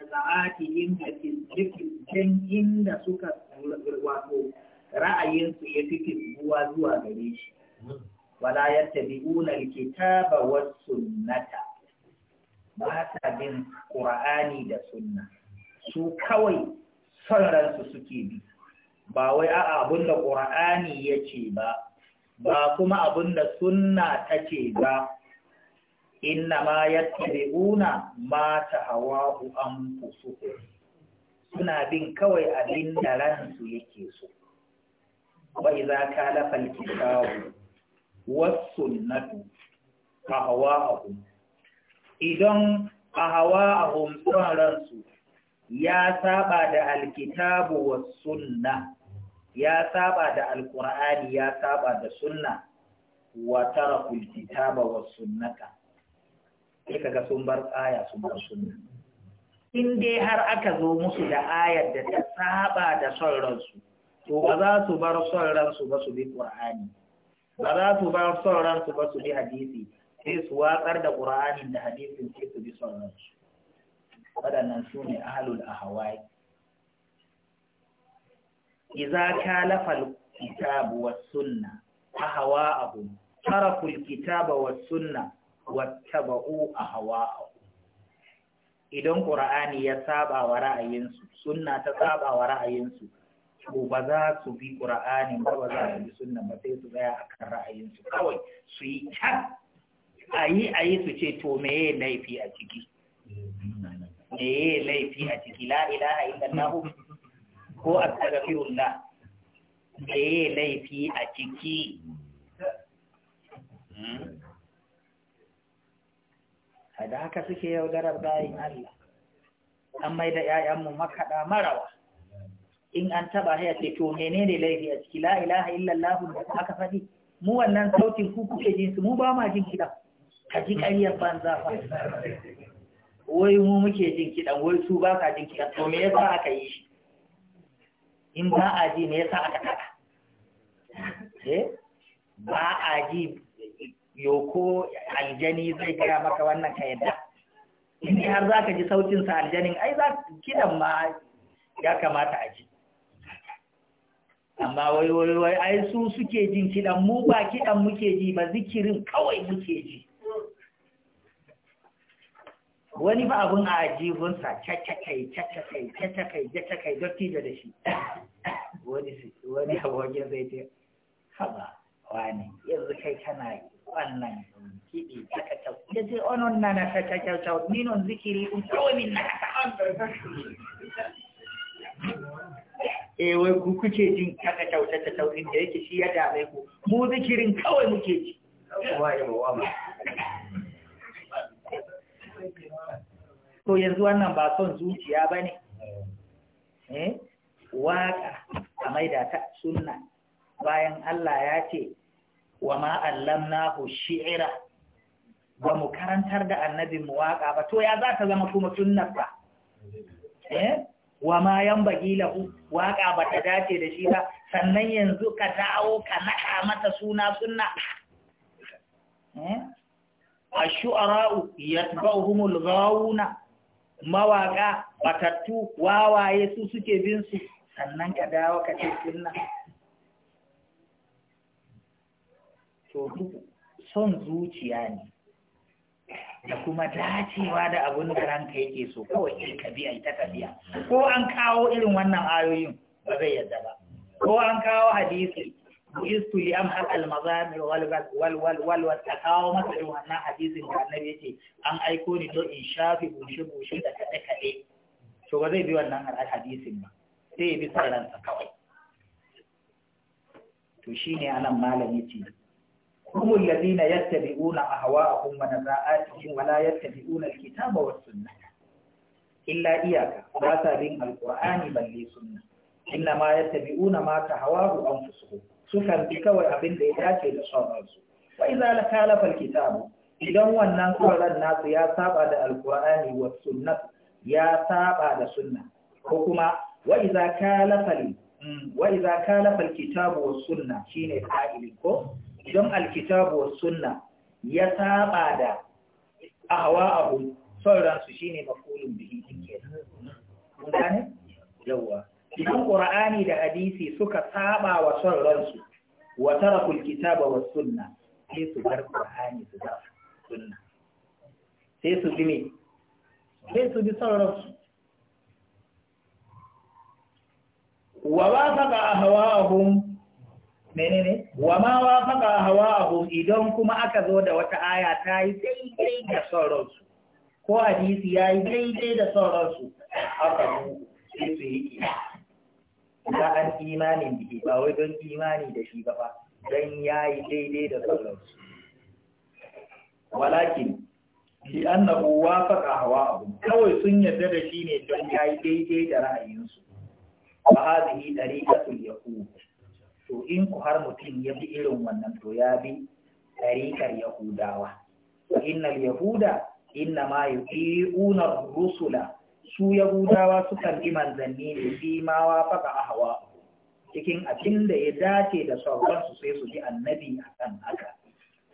sa'atihim da cikin inda suka wato ra'ayinsu ya fi fitbuwa zuwa gare shi wala yattabi'una alkitaba wasu sunnata ba ta bin qur'ani da sunna su kawai son ransu suke bi ba wai a abin da qur'ani ya ce ba ba kuma abin da sunna ta ce ba inna ma yattabi'una ma tahawa'u anfusuhum suna bin kawai abin da ransu yake so wa idza kalafa al-kitabu a hawa ahwa'ahum idan a ahwa'ahum son ransu ya saba da alkitabu wa sunna ya saba da alkur'ani ya saba da sunna wa tarakul kitaba wa sunnata sai kaga sun bar aya sun bar sunna in dai har aka zo musu da ayar da ta saba da son ransu to ba za su bar son ransu ba su bi qur'ani ba za su bar son ransu ba su bi hadisi sai su watsar da qur'anin da hadisin sai su bi son ransu waɗannan su ne ahalul ahawai iza kalafal kitabu was sunna tara kul kitaba wa sunna wattaba'u ahwa'ahum idan qur'ani ya saba wa ra'ayinsu sunna ta saba wa ra'ayinsu to ba za su bi qur'ani ba ba za su bi sunna ba sai su tsaya akan ra'ayinsu kawai su yi ta ayi ayi su ce to meye laifi a ciki meye laifi a ciki la ilaha illallah ko astaghfirullah meye laifi a ciki hmm. da haka suke yaudarar bayin Allah an mai da ‘ya'yanmu makaɗa marawa in an taɓa haya ce to mene ne laifi a ciki la ilaha illallah da aka faɗi mu wannan sautin ku kuke jin su mu ba ma jin kiɗan ka ji ƙaryar banza fa wai mu muke jin kiɗan wai su ba ka jin kiɗan to me yasa aka yi shi in ba a ji me yasa aka kaɗa eh? ba a ji yoko aljani zai gaya maka wannan ka yadda in har za ka ji sautinsa aljanin ai za kidan ma ya kamata a ji amma wai wai wai ai su suke jin kidan mu ba kidan muke ji ba zikirin kawai muke ji wani ba abun a ajihunsa cacakai cacakai cacakai cacakai dotti da shi wani abokin zai ce haba wani yanzu kai kana wannan kiɗi taka kyau ya ce onon oh, na na taka kyau ninon zikiri un min na kasa E, eh, wai ku kuke jin taka kyauta ta taurin da yake shi ya dame ku mu zikirin kawai muke ji to yanzu wannan ba son zuciya ba ne eh waka a maida ta sunna bayan Allah ya ce wa ma allamnahu shi’ira ba mu karantar da annabin mu waka ba to ya za zama kuma sunnar ba eh wa ma yanbaghi lahu waka ba ta dace da shi ba sannan yanzu ka dawo ka naɗa mata suna sunna eh ashu'ara'u yatba'uhumul ghawuna mawaka batattu wawaye su suke bin su sannan ka dawo ka ce sunna to duk son zuciya ne da kuma dacewa da abin da ranka yake so kawai irin kabi ta ko an kawo irin wannan ayoyin ba zai yadda ba ko an kawo hadisi buistu li am har al mazamir wal wal ta kawo masa irin wannan hadisin da annabi yace an aiko ni don in shafi bushe bushe da kaɗe-kaɗe. to ba zai bi wannan hadisin ba sai ya bi sarransa kawai to shine anan malam yace هم الذين يتبعون أهواءهم ونزاعاتهم ولا يتبعون الكتاب والسنة إلا إياك لا بين القرآن بل لي سنة إنما يتبعون ما تهواه أنفسهم سكن بك وأبن ديداك لصنعه وإذا لكالف الكتاب إذا هو أن الناس الناس يا سابع القرآن والسنة يا سابع السنة حكما وإذا كالف وإذا كالف الكتاب والسنة شين فاعل كو idan alkitabu wa sunna ya saba da ahwa'ahu son ransu shine maqulun bihi kenan mun gane yawwa idan ƙura'ani da hadisi suka saba wa son ransu wata tarakul kitaba wa sunna sai su bar ƙura'ani su zafi suna sai su bi me sai su bi son ransu wa wafaqa ahwa'ahum menene wa ma wa wafaqa hawa'ahum idan kuma aka zo da wata aya ta yi daidai da son ko hadisi ya yi daidai da son ransu aka mu su yi ba an imanin da ba wai don imani da shi ba don ya yi daidai da son ransu walakin shi annahu wafaqa hawa'ahum kawai sun yarda da shi ne don ya yi daidai da ra'ayinsu fa hadhihi tariqatul yahud to in ku har mutum ya bi irin wannan to ya bi ɗarikar yahudawa inna yahuda inna ma yuqiuna rusula su yahudawa sukan bi manzanni ne fi ma a ahwa cikin abin da ya dace da sauransu sai su bi annabi akan haka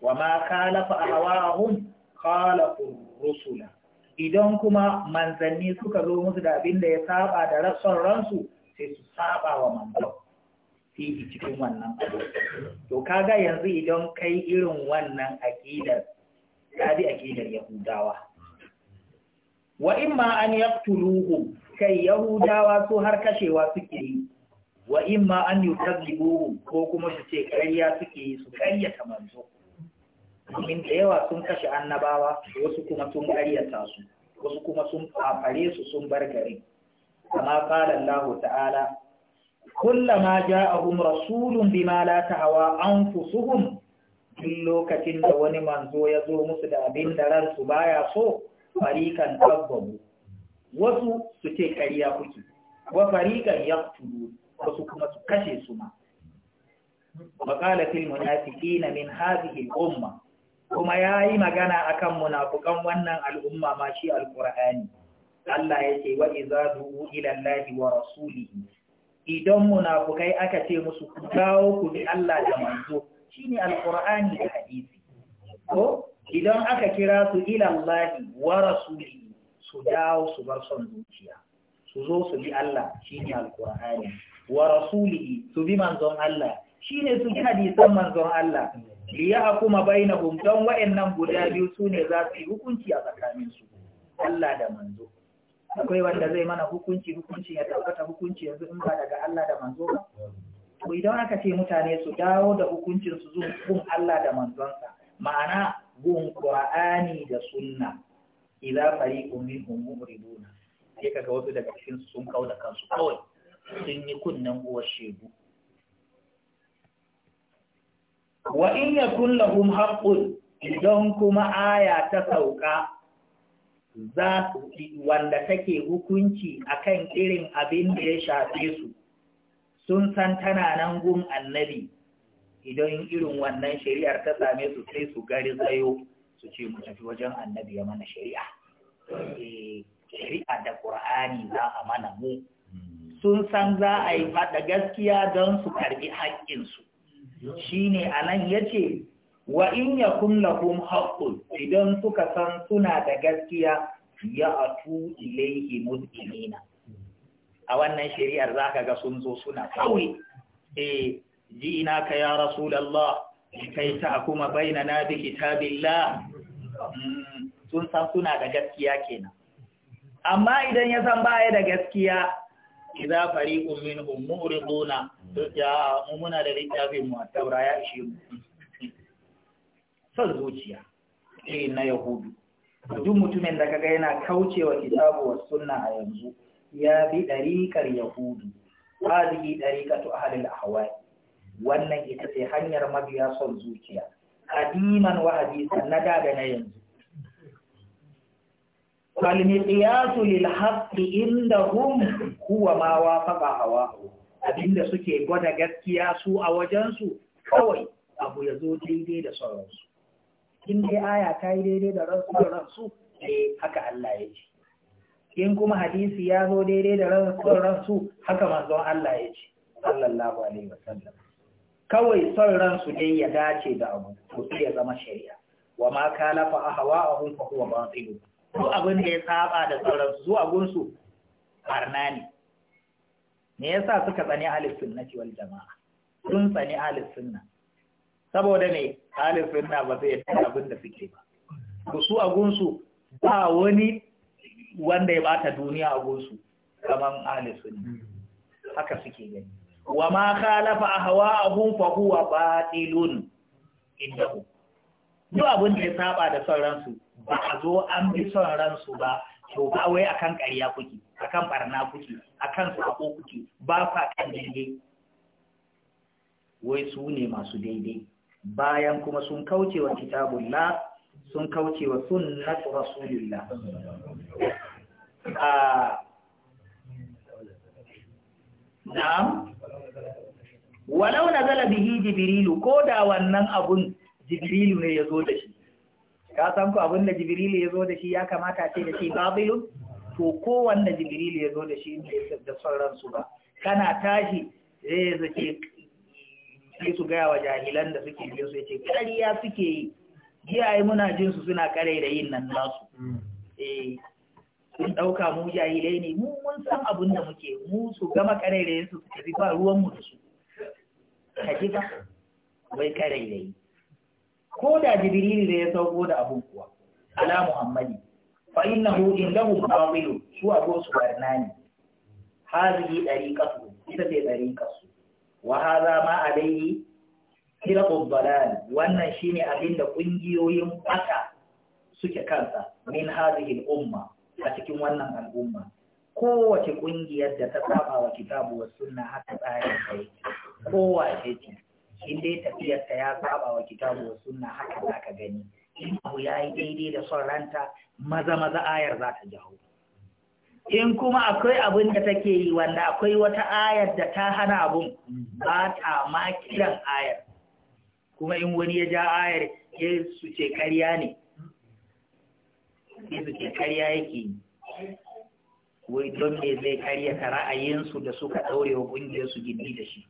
wa ma khalafa ahwahum Kala rusula idan kuma manzanni suka zo musu da abin da ya saba da rassan ransu sai su saba wa manzanni fihi cikin wannan abu to kaga yanzu idan kai irin wannan aqidar ka bi aqidar yahudawa wa imma an yaqtuluhu kai yahudawa su har kashewa suke yi wa imma an yukazzibuhu ko kuma su ce ƙarya suke yi su ƙaryata manzo domin da yawa sun kashe annabawa wasu kuma sun ƙaryata su wasu kuma sun fafare su sun bar garin, kama qala Allah ta'ala كلما جاءهم رسول ta hawa an fusuhun? Tun lokacin da wani manzo ya zo musu da abin da ransu baya so farikan tabbabu wasu su ce ƙarya kuke wa farikan ya wasu kuma su kashe su ma maƙala fil munafiki na min hazihi umma kuma ya yi magana akan munafukan wannan al'umma ma shi alƙur'ani Allah ya ce wa iza du'u ila Allah wa rasulihi idan munafukai aka ce musu ku dawo ku bi Allah da manzo shine alqur'ani da hadisi ko idan aka kira su ila Allah wa rasuli su dawo su bar son zuciya su zo su bi Allah shine alqur'ani wa rasuli su bi manzon Allah shine su bi hadisan manzon Allah liya kuma bainahum dan wa'annan guda biyu sune za su yi hukunci a tsakanin su Allah da manzo akwai wanda zai mana hukunci hukunci ya tabbata hukunci yanzu in ba daga Allah da manzo ba to idan aka ce mutane su dawo da hukuncin su zuwa gun Allah da manzonsa ma'ana gun Qur'ani da sunna idza fariqun minhum mu'riduna sai kaga wasu daga cikin su sun kauda kansu kawai sun yi kunnen uwar shegu wa in yakun lahum haqqun idan kuma aya ta sauka za wanda take hukunci akan irin abin da ya shafe su sun san tana nan gun annabi idan irin wannan shari'ar ta same su sai su gari tsayo su ce mu tafi wajen annabi ya mana shari'a eh, shari'a da ƙur'ani za a mana mu sun san za a yi faɗa gaskiya don su karɓi haƙƙinsu shi ne anan yace ya ce wa in ya kun lahum idan suka san suna da gaskiya ya atu ilaihi mudinina a wannan shari'ar zaka ga sun zo suna kawai eh jina ka ya rasulullah kai ta kuma na bi kitabillah mm, sun san suna da gaskiya kenan amma idan ya san baya da gaskiya idza fariqun minhum mu'riduna ya mu da littafin mu ya ishe mu San zuciya Eh na yahudu duk mutumin da kaga yana kaucewa kitabu wa sunna a yanzu ya bi ɗariƙar yahudu hadhihi ɗariƙatu ahlil ahwa'i wannan ita ce hanyar mabiya son zuciya qadiman wa hadisan na da da na yanzu fal miqyasu lil haqqi indahum huwa ma wafaqa hawahu abinda suke gwada gaskiya su a wajensu kawai abu ya zo daidai da sauransu in dai aya ta yi daidai da ransu ne eh, haka Allah ya ce in kuma hadisi ya zo daidai da ransu haka manzo Allah ya ce sallallahu alaihi wasallam kawai son ransu dai ya dace da abu to sai ya zama shari'a wa ma kalafa ahwa'ahum fa huwa batil ko abin da ya saba da son ransu zuwa gunsu barna ne me yasa suka tsani ahlus sunnati wal jama'a sun tsani ahlus sunna saboda ne alifin na ba zai yi abin da suke ba ku su a gunsu ba wani wanda ya bata duniya a gunsu kaman alifin haka suke gani wa ma khalafa ahwa'ahum fa huwa batilun indahu duk abin da ya saba da son ransu ba a zo an bi son ransu ba to ba wai akan ƙarya kuke akan barna kuke akan sako kuke ba fa kan daidai wai su ne masu daidai bayan kuma sun kauce wa kitabullah sun kauce wa sunnat rasulillah na'am walau nazala bihi jibrilu ko da wannan abun jibrilu ne yazo da shi ka san ku abin da jibrilu yazo da shi ya kamata ce da shi babilu to ko wanda jibrilu yazo da shi ne da sauran su ba kana tashi zai zace sai su gaya wa jahilan da suke biyo su ya ce ƙarya suke yi jiyaye muna jin su suna kare da yin nan nasu eh sun ɗauka mu jahilai ne mu mun san abin da muke mu su gama kare da su su tafi ba ruwan mu da su ka ji ba wai kare da yi ko da jibrilu da ya sauko da abun kuwa ala muhammadi fa innahu indahu babilu su abu su yi hazihi dariqatu ita ce dariqatu wa hadha ma alayhi firqud dalal wannan shine abinda kungiyoyin aka suke kansa min hadhihi al-umma a cikin wannan al'umma kowace kungiyar da ta saba wa kitabu wa sunna haka tsarin ta kowace ce in dai tafiyar ta ya saba wa kitabu wa sunna haka zaka gani in abu yayi daidai da son ranta maza maza ayar za ta jawo in kuma akwai abin da take yi wanda akwai wata ayar da ta hana abun ba ta ma kiran ayar kuma in wani ya ja ayar ke su ce karya ne ya su ce karya yake yi wai don me zai ta ra'ayinsu da suka ɗaure wa ƙungiyarsu gindi da shi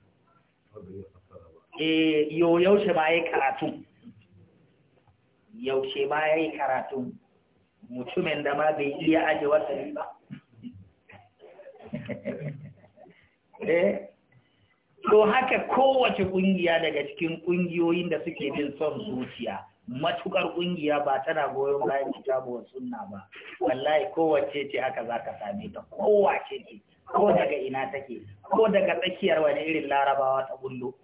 eh yau yaushe ba ya karatu yaushe ba ya yi karatu mutumin da ma bai iya aje wata ba eh to haka kowace kungiya daga cikin kungiyoyin da suke bin son zuciya matukar kungiya ba tana goyon bayan kitabu wa sunna ba wallahi kowace ce haka ka same ta kowace ce ko daga ina take ko daga tsakiyar wani irin larabawa ta bullo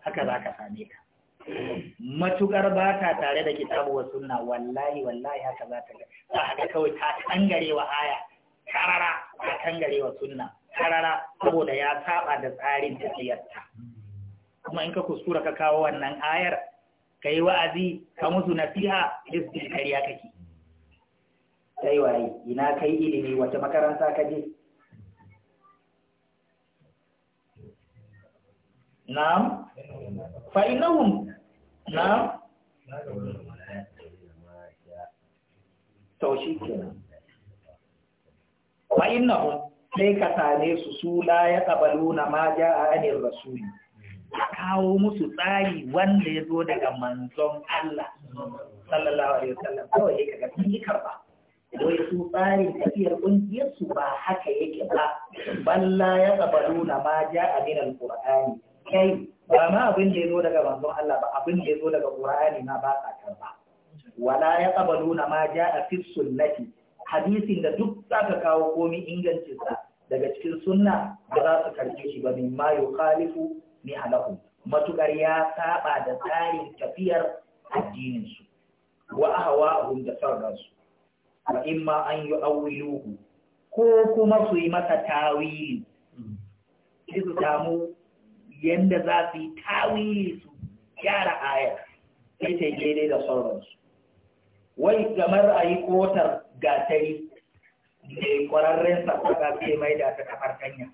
haka za ka same ta matukar ba ta tare da kitabu wa sunna wallahi wallahi haka za ta ga kawai ta kangare wa aya karara a kangare wa sunna karara saboda ya saba da tsarin tafiyarta kuma in ka kuskura ka kawo wannan ayar ka yi wa'azi ka musu nasiha istin kariya kake sai waye ina kai ilimi wace makaranta ka je na'am fa innahum na'am to shi kenan fa innahum sai ka same su su la ya qabaluna ma jaa anir rasuli a kawo musu tsari wanda ya zo daga manzon Allah sallallahu alaihi wasallam ko ya kaga sun yi karba wai su tsarin tafiyar kungiyar su ba haka yake ba balla ya qabaluna ma jaa min alqur'ani kai ba ma abin da ya zo daga manzon Allah ba abin da ya zo daga qur'ani ma ba ka karba wala ya qabaluna ma jaa fi sunnati hadisin da duk za ka kawo komi sa daga cikin sunna ba za su karɓe shi ba min ma ne ni halahu matukar ya saba da tsarin tafiyar addinin su wa ahwa'uhum da sarran su wa imma an yu'awwiluhu ko kuma su yi masa tawili su samu yanda za su yi tawili su gyara ayar sai ta daidai da sauransu wai kamar ayi kotar gatari da kwararren sassaka ke mai da ta kafar kanya.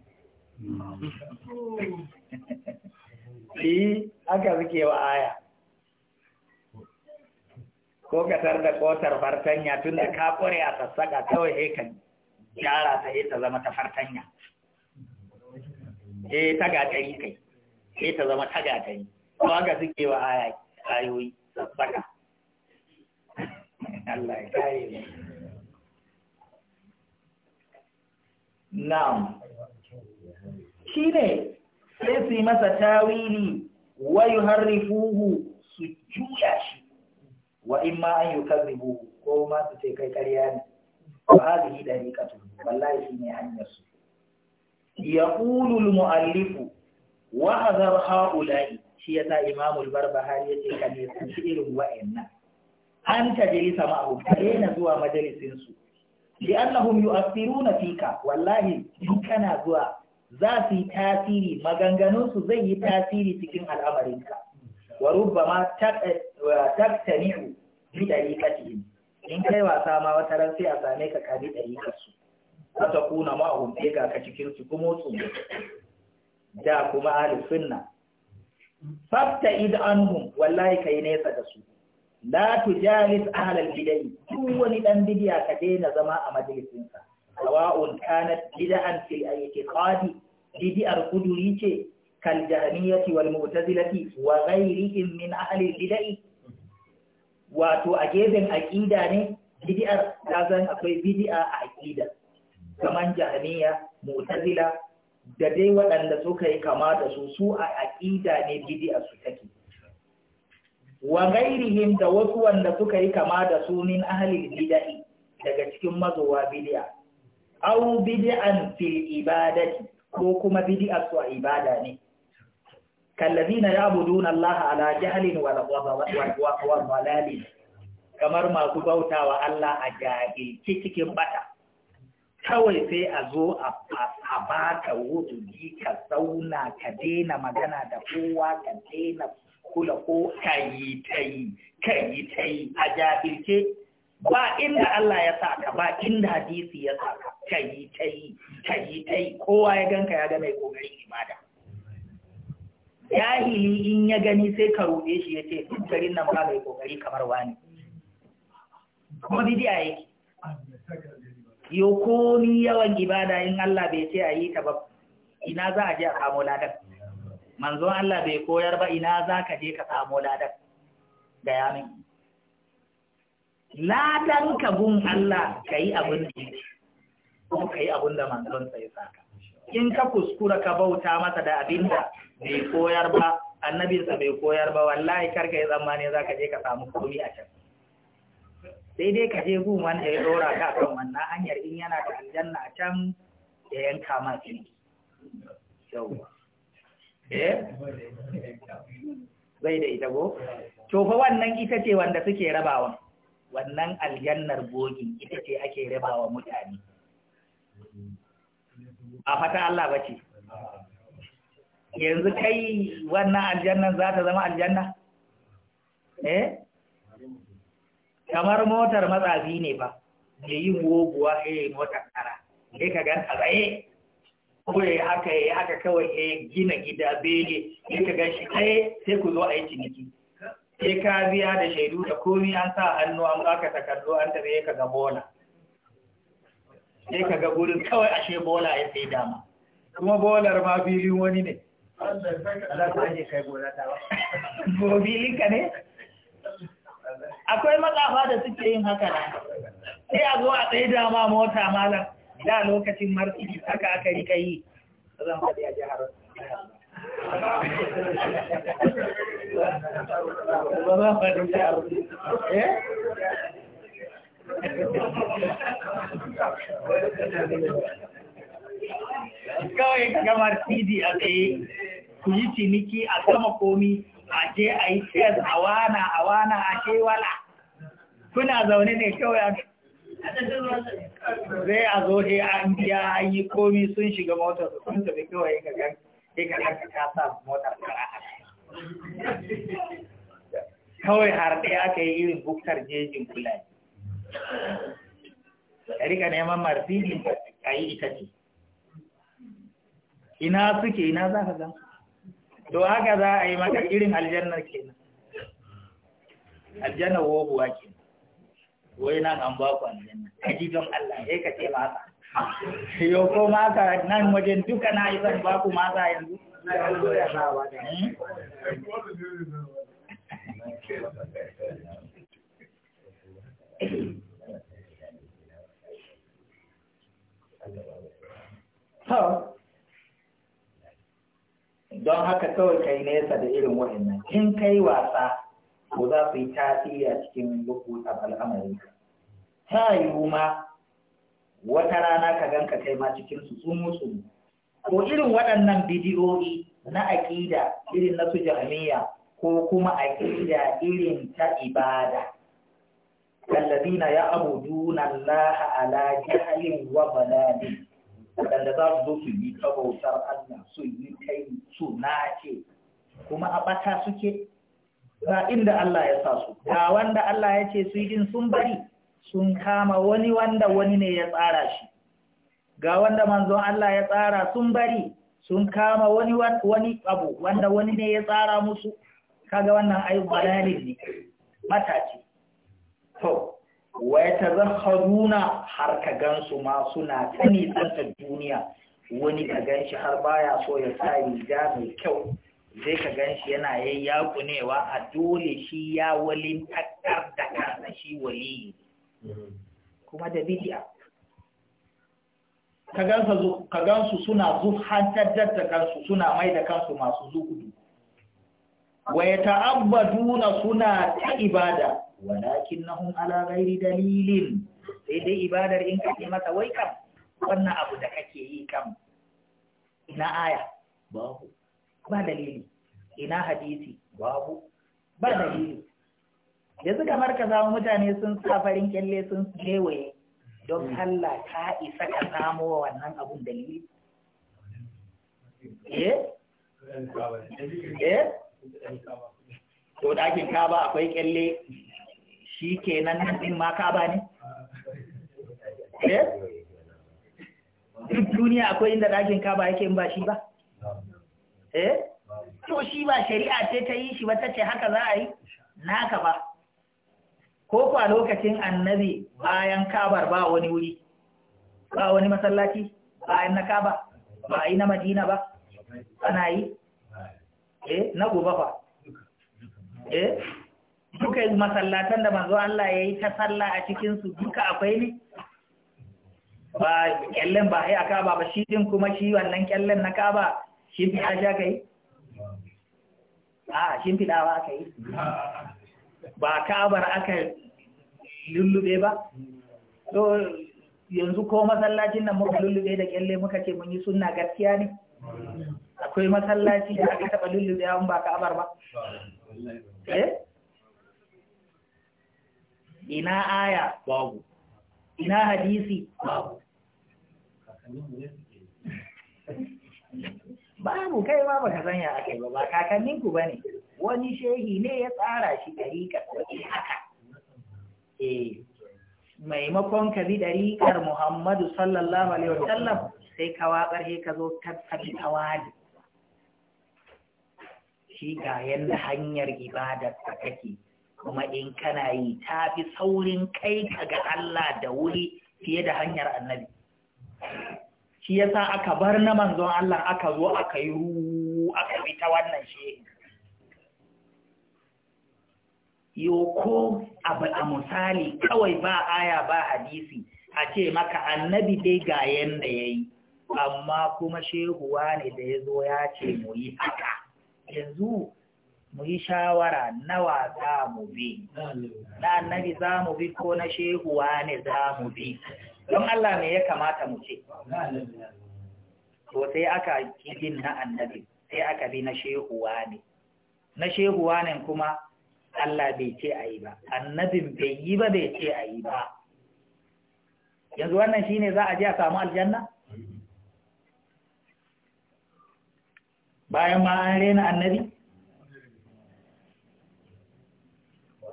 Yi aka suke wa aya. Ko kasar da kotar fartanya tun da ka kure a sassaka kawai sai ka gyara ta ita zama ta fartanya. Eh ta gatari kai, sai ta zama ta gatari. Ko aka suke wa aya ayoyi sassaka. Allah ya kare mu. na'am shi ne sai su yi masa tawili wa yuharrifuhu su juya shi wa in ma an yukazzibu ko ma su ce kai karya ne yi hadhihi dariqatu wallahi shi ne hanyar su yaqulu muallifu wa hadhar ha'ula'i shi yasa imamul barbahar ya yace ka ne irin wa'annan an tajlisa ma'ahu kare na zuwa majalisinsu. li'annahum yu'athiruna fika wallahi in kana zuwa za su yi tasiri maganganun su zai yi tasiri cikin al'amarinka wa rubbama taqtani'u bi dariqatihim in kai wasa ma wata ran a same ka ka ka ta ma hum ga ka cikin kuma su da kuma ahlus sunna fabta id anhum wallahi kai nesa da su la Jalis, ahlal bidai duk wani dan bidiya ka daina zama a majalisinsa sawa'un kanat bid'an fil i'tiqadi bid'ar kuduri ce kal jahmiyati wal mu'tazilati wa ghayrihim min ahli bidai wato a gefen aqida ne bid'ar zan akwai bid'a a aqida kaman jahmiya mu'tazila da dai waɗanda suka yi kama da su su a aqida ne bid'a su take wa gairihim da wasu wanda suka yi kama da su min ahalil bid'i daga cikin mazowa bid'a aw bid'an fil ibadati ko kuma bid'a su ibada ne kallazina ya'buduna Allah ala jahlin wa dhalalin kamar masu bautawa Allah a jahilci cikin bata kawai sai a zo a baka wuri ka zauna ka daina magana da kowa ka daina kula ko kayi tayi kayi tayi a jahilce ba inda Allah ya sa ka, ba inda hadisi ya ka, kayi tayi kayi tayi kowa ya ganka ya ga mai kokarin ibada jahili in ya gani sai ka ruɗe shi ya ce garin nan ba mai kokari kamar wani kuma bidiya yake yo ko ni yawan ibada in Allah bai ce a yi ta ba ina za a je a kamo ladan manzon Allah bai koyar ba ina za ka je ka samu ladan da yamin ladan ka gun Allah ka yi abin da kuma ka yi abin da manzon sai ka. in ka kuskura ka bauta masa da abin da bai koyar ba annabinsa bai koyar ba wallahi karka yi tsammani za ka je ka samu komi a can sai dai ka je gun wanda ya dora ka kan wannan hanyar in yana da aljanna a can ya yanka ma fili yauwa zai eh? da ita ko to wannan ita ce wanda suke rabawa wannan aljannar bogi ita ce ake rabawa mutane a fata Allah ba ce. yanzu kai wannan aljannan za ta zama aljanna eh kamar motar matsazi ne ba da yin woguwa eh motar tara, ne ka gan tsaye ko ya haka ya haka kawai ya gina gida bege ya ka gashi ɗaya sai ku zo a yi ciniki sai ka biya da shaidu da komi an sa hannu an baka takardu an tafi ka ga bola sai ka ga gurin kawai ashe bola ya sai dama kuma bolar ma filin wani ne filin ka ne akwai matsafa da suke yin haka na sai a zo a tsaye dama mota malam da lokacin martini haka aka rika yi zan faɗi a jihar ba za faɗi jihar eh? kawai ga gama a tsaye ku yi ciniki a sama komi a je a yi chess a wana a wana a wala kuna zaune ne kawai zai a zo he an biya an yi komi sun shiga motar su sun tafi kawai ka gan sai ka gan ka sa motar kara kawai har ɗaya aka yi irin buktar jejin kula ka rika neman marfijin ka yi ita ce ina suke ina za ka zan to haka za a yi maka irin aljannar kenan aljannar wobuwa ke wai nan an ba ku aljanna kaji don Allah sai ka ce masa yo ko masa nan wajen duka na yi ba ku yanzu hmm? Don haka kawai kai nesa da irin waɗannan, in kai wasa ko za su yi tasiri a cikin lokutan al'amari ta yiwu ma wata rana ka ganka kai ma cikin su tsumu tsumu ko irin waɗannan bidiyoyi na aƙida irin na su jami'a ko kuma aƙida irin ta ibada kallazina ya abuduna laha ala jahalin wa balalin waɗanda za su zo su yi bautar Allah su yi kai su ce. kuma a ɓata suke ba inda Allah ya sa su ga wanda Allah ya ce su yi sun bari sun kama wani wanda wani ne ya tsara shi ga wanda manzon Allah ya tsara sun bari sun kama wani wani abu wanda wani ne ya tsara musu kaga wannan ayu balalin ne mataci to wa yatazakhaduna har ka gansu ma suna tani tsanta duniya wani ka ganshi har baya so ya sa riga mai kyau Zai ka gan shi yana yayyakunewa a dole shi ya walin takar da kansa shi wali kuma da bidiya ka su suna zuhantar da kansu suna mai da kansu masu zuhudu wa ya ta'abbaduna suna ta ibada walakin nahum ala ghairi dalilin sai dai ibadar in kake mata wai kam wannan abu da kake yi kam ina aya babu ba dalili ina hadisi babu ba dalili yanzu kamar ka samu mutane sun sa farin kyalle sun kewaye don hmm. Allah ka isa ka samu wa wannan abun dalili eh eh to dakin kaba akwai kyalle shi kenan din ma kaba ne eh duk duniya akwai inda dakin kaba yake in ba shi ba eh to shi ba shari'a ce ta yi shi ba ta ce haka za a yi naka ba ko kwa lokacin annabi bayan kabar ba wani wuri ba wani masallaci bayan na kaba ba yi na madina ba ana yi eh na gobe fa eh duka masallatan da manzo Allah ya yi ta salla a cikinsu duka akwai ne ba kyallen ba a kaba ba shi din kuma shi wannan kyallen na kaba shimfiɗa shi aka yi? a shimfiɗawa aka yi ba ka'abar aka lullube ba yanzu ko masallacin nan muka lullube da kyalle muka ce mun yi sunna gaskiya ne akwai masallaci da aka taɓa lullube yawon ba abar ba eh ina aya babu ina hadisi babu Ba mu kai ma ka san ya kai ba ba kakannin ku bane wani shehi ne ya tsara shi dariƙar kuɗi haka eh maimakon ka bi dariƙar Muhammadu sallallahu alaihi wasallam sai ka waƙar he ka zo ka tabi tawali shi ga yanda hanyar ibada ta kake kuma in kana yi ta fi saurin kai ka ga Allah da wuri fiye da hanyar annabi shi yasa aka bar na manzon Allah aka zo aka yi ruwu aka bi ta wannan shi? yoko abu a misali kawai ba aya ba hadisi a ce maka annabi dai ga yanda yi. amma kuma shehuwa ne da ya zo ya ce mu yi haka yanzu mu yi shawara nawa za mu bi na annabi za mu bi ko na shehuwa ne za mu bi don Allah me ya kamata mu ce to sai aka kidin na annabi sai aka bi na shehuwa ne na shehuwa ne kuma Allah bai ce a yi ba annabin bai yi ba bai ce a yi ba yanzu wannan shi ne za a je a samu aljanna bayan ma an rena annabi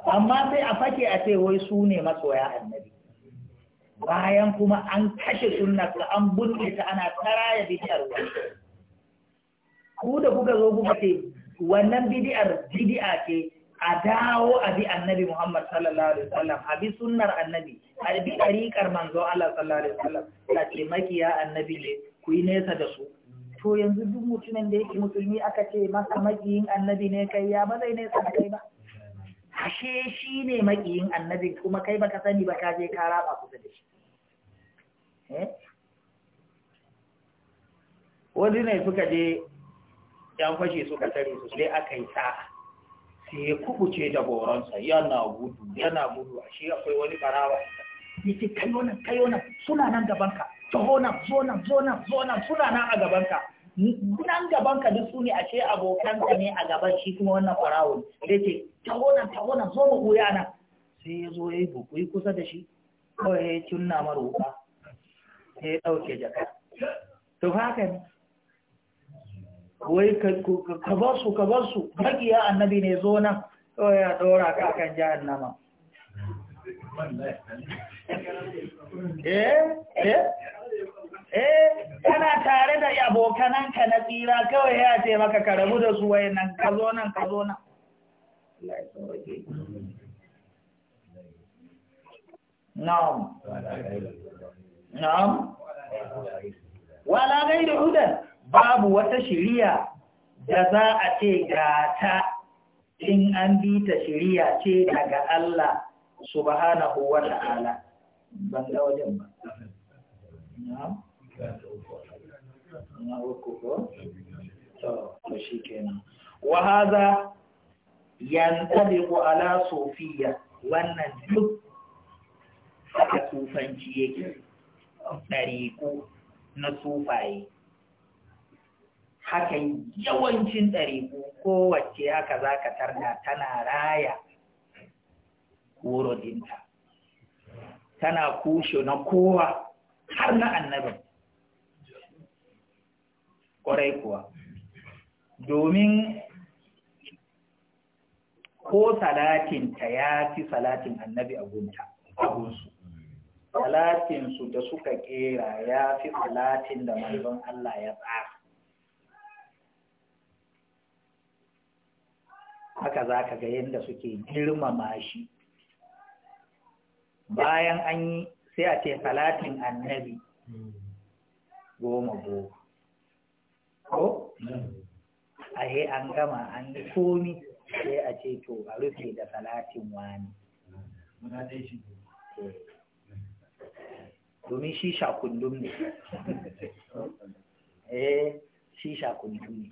amma sai a fake a ce wai su ne masoya annabi bayan kuma an kashe sunna ka an bunne ta ana taraya bidiyar wani ku da kuka zo kuka ce wannan bidiyar bid'a ce a dawo a bi annabi Muhammad sallallahu alaihi wasallam a bi sunnar annabi a bi tariƙar manzo Allah sallallahu alaihi wasallam ta ce makiya annabi ne ku yi nesa da su to yanzu duk mutumin da yake musulmi aka ce masa makiyin annabi ne kai ya ba zai nesa da kai ba ashe shi ne makiyin annabi kuma kai baka sani ba ka je ka raba kusa da shi Eh? wani ne suka je yan fashe suka tare su sai aka yi sa'a sai ya kubuce da goronsa yana gudu yana gudu a shi akwai wani barawa ya ce kayona kayona suna nan gabanka taho nan zona zona zona suna nan a gabanka nan gabanka duk su ne a ce abokanka ne a gaban shi kuma wannan barawa ya ce taho nan taho nan zo mu goya nan sai ya zo ya yi buku kusa da shi kawai ya cinna maroka sai ɗauke jaka to haka ne wai ka bar su ka bar su ya annabi ne zo nan kawai ya ɗora ka kan jahannama eh eh eh kana tare da abokananka na tsira kawai ya ce maka ka rabu da su wayan nan ka zo nan ka zo nan Na'am. na'am wala gairi hudan babu wata shiriya da za a ce ga ta in an bi ta shiriya ce daga Allah subhanahu wa ta'ala ban ga wajen ba na'am na uku ko shi kenan ala sufiyya wannan duk haka sufanci yake ɗariƙo na sufaye hakan yawancin ɗariƙo kowace haka za ka tarda tana raya wurudinta, tana kushe na kowa har na annabin ƙwarai kuwa domin ko salatinta ya fi salatin annabi a gunta a gunsu salatinsu da suka kera ya fi salatin da manzon Allah ya tsara haka za ka ga yadda suke girmama shi bayan an yi sai a ce salatin annabi goma goma ko ahe an gama an yi komi sai a ce to a rufe da salatin wani domin shi kundum ne eh shi kundum ne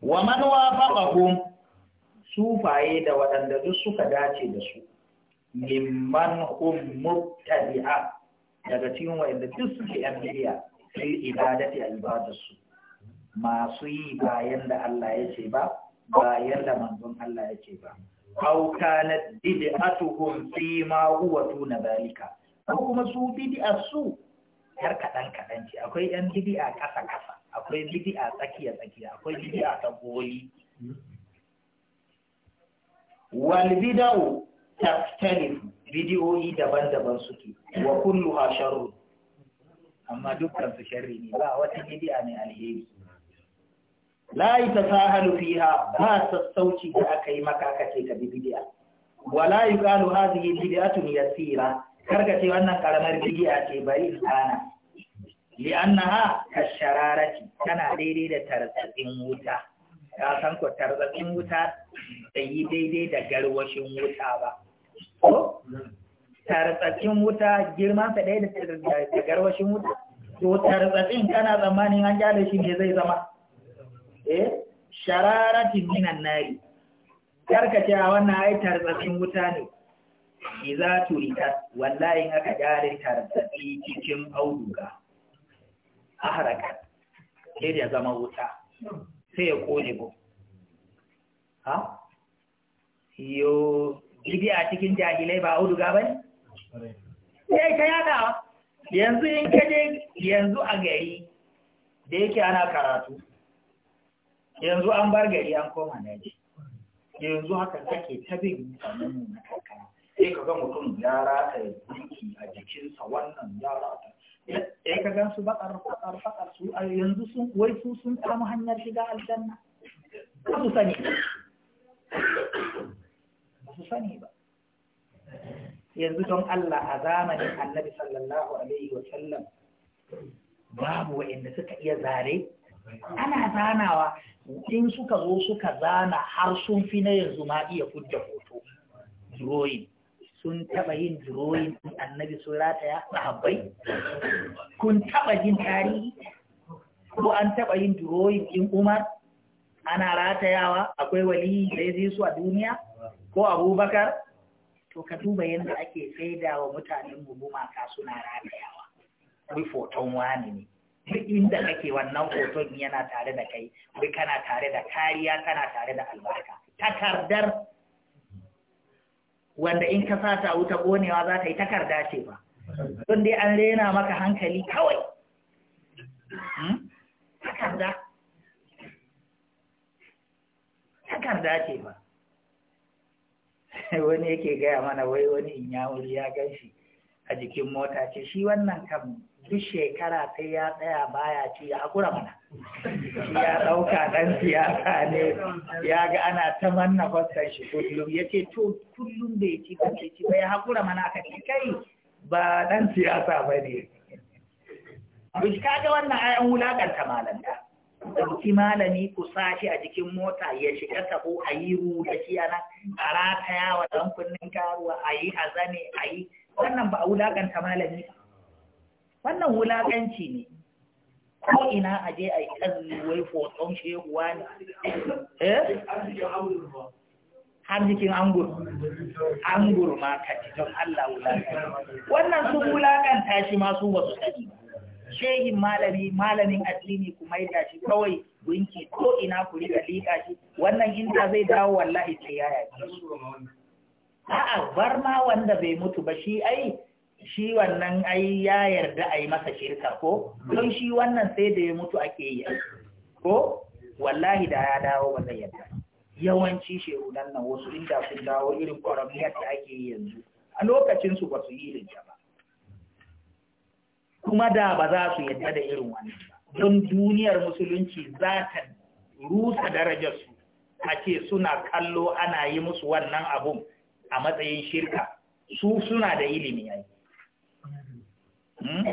wa man wafaqahum sufaye da waɗanda duk suka dace da su mimman hum mubtadi'a daga cikin waɗanda duk suke yan bidiya fil ibadati a ibadarsu masu yi bayan da Allah ya ba bayan da manzon Allah ya ba aw kanat bid'atuhum fi ma huwa tuna zalika ko kuma su bid'a su yar kadan kadan ce akwai yan bid'a kasa kasa akwai bid'a tsakiya tsakiya akwai bid'a ta goli wal bid'u taftalifu bidiyoyi daban-daban suke wa kulluha sharru amma dukkan su sharri ne ba wata bid'a ne alheri la fi ha ba sassauci da aka yi maka aka ce ka bid'a wala yuqalu hadhihi ya tsira karka ce wannan karamar bid'a ce bari in kana li'annaha kashararati tana daidai da tarzatsin wuta ka san ko tarzatsin wuta bai yi daidai da garwashin wuta ba ko tarzatsin wuta girman sa daidai da garwashin wuta to tarzatsin kana tsammanin an gyara shi ne zai zama eh shararatin minan nari karkace a wannan ai tarzatsin wuta ne iza ita wallahi aka gare tarzatsi cikin auduga a haraka sai ya zama wuta sai ya kone ko ha yo gidi a cikin jahilai ba auduga bane sai ka yada yanzu in kaje yanzu a gari da yake ana karatu yanzu an bar gari an koma daji yanzu haka take ta bin mutanen mu na karkara sai ka ga mutum ya rata duki a jikinsa wannan ya rata sai ka gan su bakar bakar bakar su a yanzu sun wai su sun samu hanyar shiga aljanna ba su sani ba su sani ba yanzu don Allah a zamanin annabi sallallahu alaihi wa sallam babu wa'inda suka iya zare ana zanawa in suka zo suka zana har sun fi na yanzu ma iya kudda hoto drawing sun taba yin drawing din annabi sun rataya sahabbai kun taba jin tarihi ko an taba yin drawing din umar ana ratayawa akwai wali da ya su a duniya ko abubakar to ka duba yadda ake faida wa mutanen mu gumaka suna ratayawa wai foton wani ne duk inda kake wannan hoton yana tare da kai kai kana tare da kariya kana tare da albarka takardar wanda in ka sata wuta konewa za ta yi takarda ce ba don dai an rena maka hankali kawai hmm? takarda takarda ce ba wani yake gaya mana wai wani in ya ganshi ya gan a jikin mota ce shi wannan kan duk shekara sai ya tsaya baya ci ya haƙura mana ya ɗauka ɗan siyasa ne ya ga ana ta manna fassan shi kullum ya ce to kullum bai ci ba ke ci ba ya haƙura mana aka ci kai ba ɗan siyasa ba ne Bishi kaga wannan ayan wulaƙanta malanta. Ɗauki malami ku sashi a jikin mota ya shiga tabo a yi ruda shi a nan a rataya wa ɗan karuwa a yi hazane a yi wannan ba a wulaƙanta malami ba. wannan wulaƙanci ne ko ina a je a yi ƙazumi wai foton shehuwa ne eh har jikin angur angur ma ka ci don Allah wulaƙanci wannan sun wulaƙanta shi ma su wasu sani shehin malami malamin addini kuma ya shi kawai gunki ko ina ku riga liƙa shi wannan inda zai dawo wallahi sai ya yaki a'a bar ma wanda bai mutu ba shi ai shi wannan ai ya yarda a yi masa shirka ko don shi wannan sai da ya mutu ake yi ko wallahi da ya dawo ba zai yarda yawanci shehunan nan wasu inda sun dawo irin kwaramiyar da ake yi yanzu a lokacin su ba su yi rinja ba kuma da ba za su yarda da irin wannan don duniyar musulunci za ta rusa darajarsu, a ce suna kallo ana yi musu wannan abun a matsayin shirka su suna da ilimi yayi Hmm?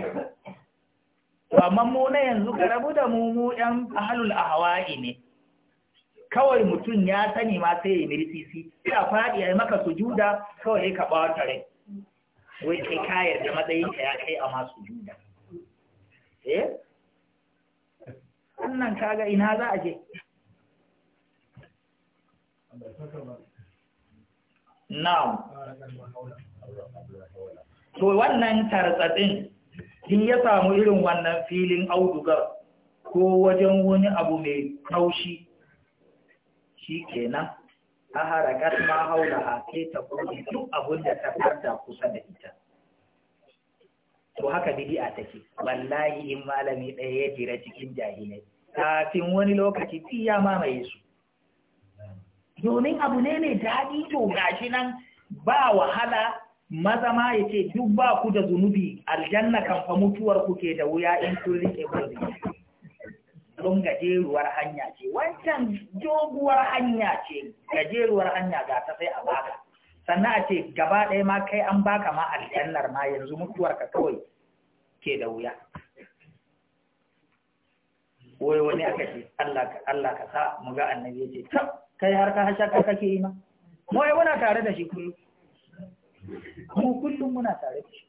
amma mu na yanzu ka rabu da mu mu ɗan ahalul ahwa'i ne kawai mutum ya sani ma sai ya yi mirisisi ya faɗi ya maka sujuda kawai ya kaɓa wata rai wai kai kayar da matsayin ya kai a ma sujuda eh wannan kaga ina za a je Na. to wannan tarzatsin. in ya samu irin wannan filin audugar ko wajen wani abu mai taushi shi kenan a harakat ma haula ha sai ta duk abin da ta farda kusa da ita to haka bidi'a take wallahi in malami ɗaya ya jira cikin jahilai kafin wani lokaci tiya ya mamaye su domin abu ne mai daɗi to gashi nan ba wahala maza ma ya ce duk ba ku da zunubi aljanna kan fa mutuwar ku ke da wuya in kun rike gobe don gajeruwar hanya ce wancan doguwar hanya ce gajeruwar hanya ga ta sai a baka sannan a ce gaba ɗaya ma kai an baka ma aljannar ma yanzu mutuwar ka kawai ke da wuya wai wani aka ce Allah ka sa mu ga annabi ya ce kai har ka ka kake yi ma mu ai muna tare da shi kullum kuma kullum muna tare da shi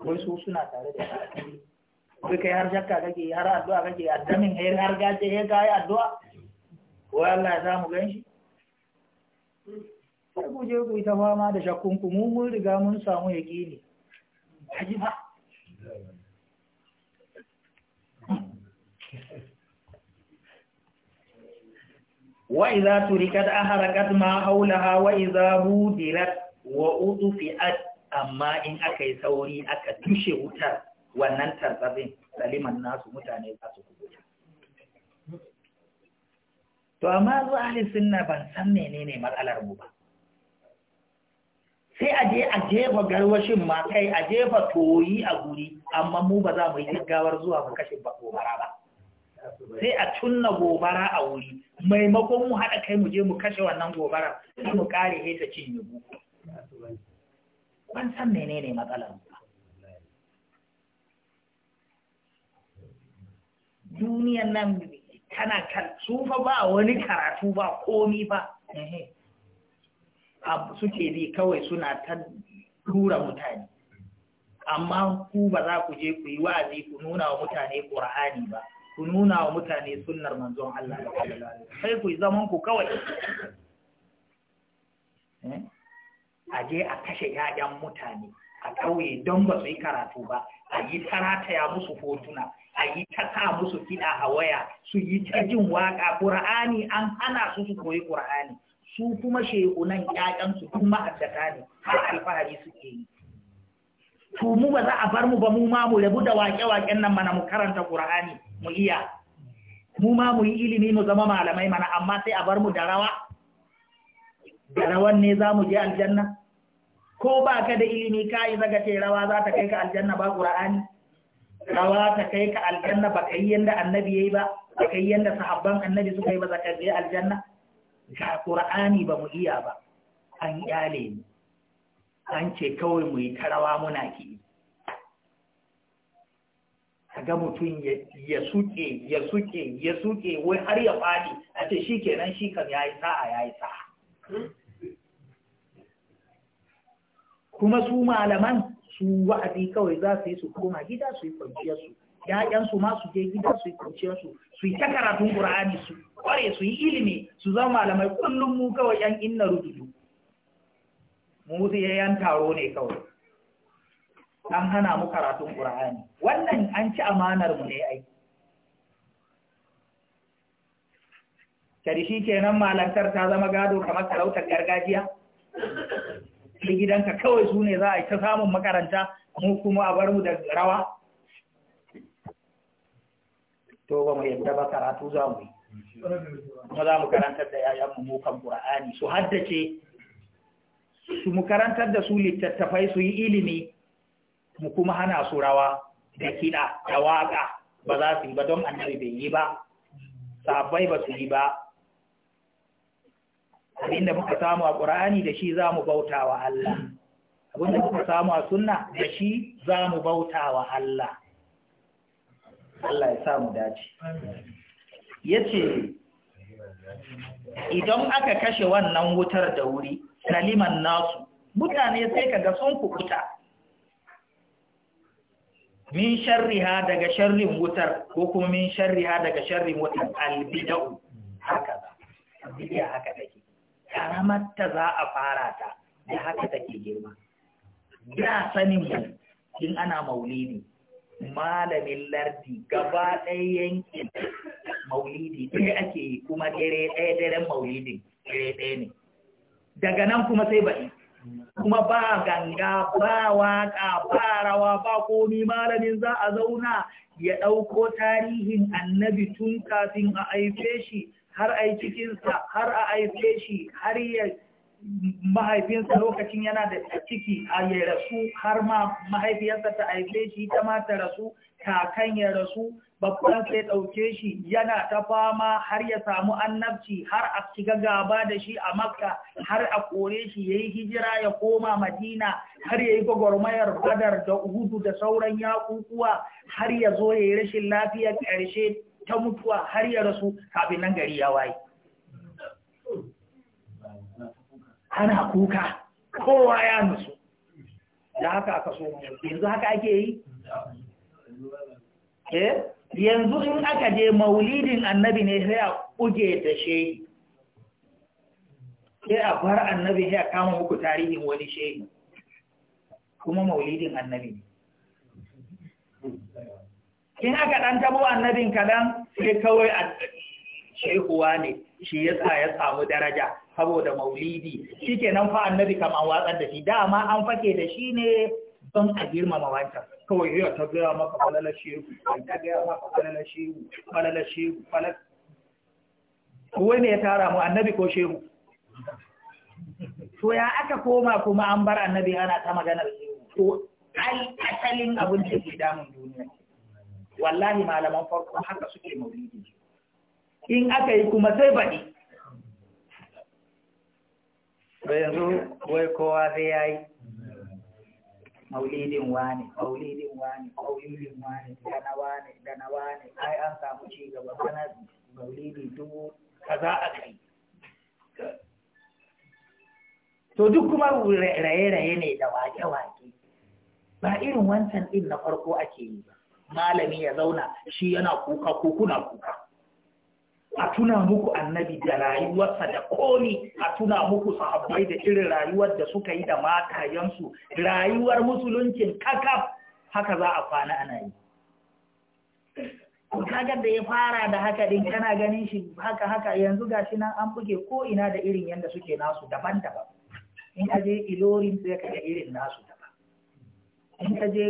wai su suna tare da shi kai kai har shakka kake har addu'a kake addamin hayar har gaje ya kayi addu'a wai Allah ya samu ganshi sai ku je ku yi ta fama da shakkunku mu mun riga mun samu yaƙini haji ba wa idza turikat aharakat ma wai za idza budirat wa udufi'at amma in aka yi sauri aka tushe wutar wannan tarzabin saliman nasu mutane za su kubuta to amma zuwa ahli sunna ban san menene matsalar mu ba sai a je a jefa garwashin ma kai a jefa toyi a guri amma mu ba za mu yi gaggawar zuwa mu kashe gobara ba sai a cunna gobara a wuri maimakon mu haɗa kai mu je mu kashe wannan gobara sai mu kare heta cinye buku ban san menene matsalar Duniya duniyan nan tana kan fa ba wani karatu ba komi ba suke bi kawai suna ta tura mutane amma ku ba za ku je ku yi wa'azi ku nuna wa mutane ƙur'ani ba ku nuna wa mutane sunnar manzon Allah sai ku yi zaman ku kawai a je a kashe 'ya'yan mutane a ƙauye don ba su yi karatu ba a yi ta rataya musu hotuna a yi ta sa musu kiɗa a waya su yi ta jin waƙa ƙur'ani an hana su su koyi ƙur'ani su kuma shehunan ƴaƴansu kuma ma'addata ne har alfahari suke yi to mu ba za a bar mu ba mu ma mu rabu da waƙe-waƙen nan mana mu karanta ƙur'ani mu iya mu ma mu yi ilimi mu zama malamai mana amma sai a bar mu da rawa da rawan ne za mu je aljanna ko ba ka da ilimi ka yi zaga ce rawa za ta kai ka aljanna ba ƙura'ani rawa ta kai ka aljanna ba ka yi yadda annabi ya yi ba ba ka yi yadda sahabban annabi suka yi ba za ka je aljanna ga ƙura'ani ba mu iya ba an yale ni an ce kawai mu yi ta rawa muna ki ga mutum ya suke ya suke ya suke wai har ya fadi a ce shi kenan shi kan ya yi sa'a ya yi sa'a kuma su malaman su wa'azi kawai za su yi su koma gida su yi kwanciyar su ‘ya'yansu ma su je gida su yi kwanciyar su su yi ta karatun ƙur'ani su kware su yi ilimi su zama malamai kullum mu kawai ‘yan inna rududu mu su yan taro ne kawai an hana mu karatun ƙur'ani wannan an ci amanar mu ne ai kari shi kenan malantar ta zama gado kamar sarautar gargajiya ta gidanka kawai su ne za a yi ta samun makaranta mu kuma a bar mu da rawa to ba mu yadda ba karatu za mu yi kuma za mu karantar da yayan mu kan qur'ani su haddace su mu karantar da su littattafai su yi ilimi mu kuma hana su rawa da kiɗa da waƙa ba za su yi ba don annabi bai yi ba sabai ba su yi ba abinda muka samu a ƙur'ani da shi za mu bauta wa Allah abinda muka samu a sunna da shi za mu bauta wa Allah Allah ya samu dace ya ce idan aka kashe wannan wutar da wuri saliman nasu mutane sai kaga sun kukuta min sharriha daga sharrin wutar ko kuma min sharriha daga sharrin wutar albida'u haka za albida'u haka dai karamar ta za a fara ta da haka take girma ya sanin mu in ana maulidi malamin lardi gaba ɗaya yankin maulidi ɗaya ake yi kuma dare ɗaya daren maulidin dare ɗaya ne daga nan kuma sai baɗi kuma ba ganga ba waƙa ba rawa ba komi malamin za a zauna ya ɗauko tarihin annabi tun kafin a aife shi har a yi cikinsa har a aife shi har ya mahaifinsa lokacin yana da ciki a ya rasu har ma mahaifiyarsa ta aife shi ta ma ta rasu kakan ya rasu babban sai ɗauke shi yana ta fama har ya samu annabci har a shiga gaba da shi a makka har a kore shi ya yi hijira ya koma madina har ya yi gwagwarmayar badar da uhudu da sauran yakukuwa har ya zo ya yi rashin lafiyar ƙarshe ta mutuwa har ya rasu kafin nan gari ya waye ana kuka kowa ya nusu da haka aka so yanzu haka ake yi eh yanzu in aka je maulidin annabi ne sai a kuge da shehi sai a bar annabi sai a kama muku tarihin wani shehi kuma maulidin annabi ne Kina aka dan tabo annabin kaɗan sai kawai a shehuwa ne shi ya sa ya samu daraja saboda maulidi shi fa annabi kam an watsar da shi dama an fake da shi ne don a girmama wancan kawai yau ta gaya maka falalar shehu ta gaya maka falalar shehu falalar shehu falalar wai ne ya tara mu annabi ko shehu to ya aka koma kuma an bar annabi ana ta maganar shehu to ai asalin abin da ke damun duniya wallahi malaman farko haka suke maulidi in aka yi kuma sai baɗi ba yanzu wai kowa zai ya yi maulidin wane, maulidin wane, maulidin wani dana wani dana wane. ai an samu ci gaba kana maulidi dubu za a kai to duk kuma raye-raye ne da wake-wake ba irin wancan din na farko ake yi ba malami ya zauna shi yana kuka ko kuna kuka a tuna muku annabi da rayuwarsa da komi a tuna muku sahabbai da irin rayuwar da suka yi da matayensu rayuwar musuluncin kakaf haka za a kwana ana yi kagar da ya fara da haka din kana ganin shi haka haka yanzu gashi nan an buge ko ina da irin yadda suke nasu daban-daban in ka je ilorin sai ka ga irin nasu in ka je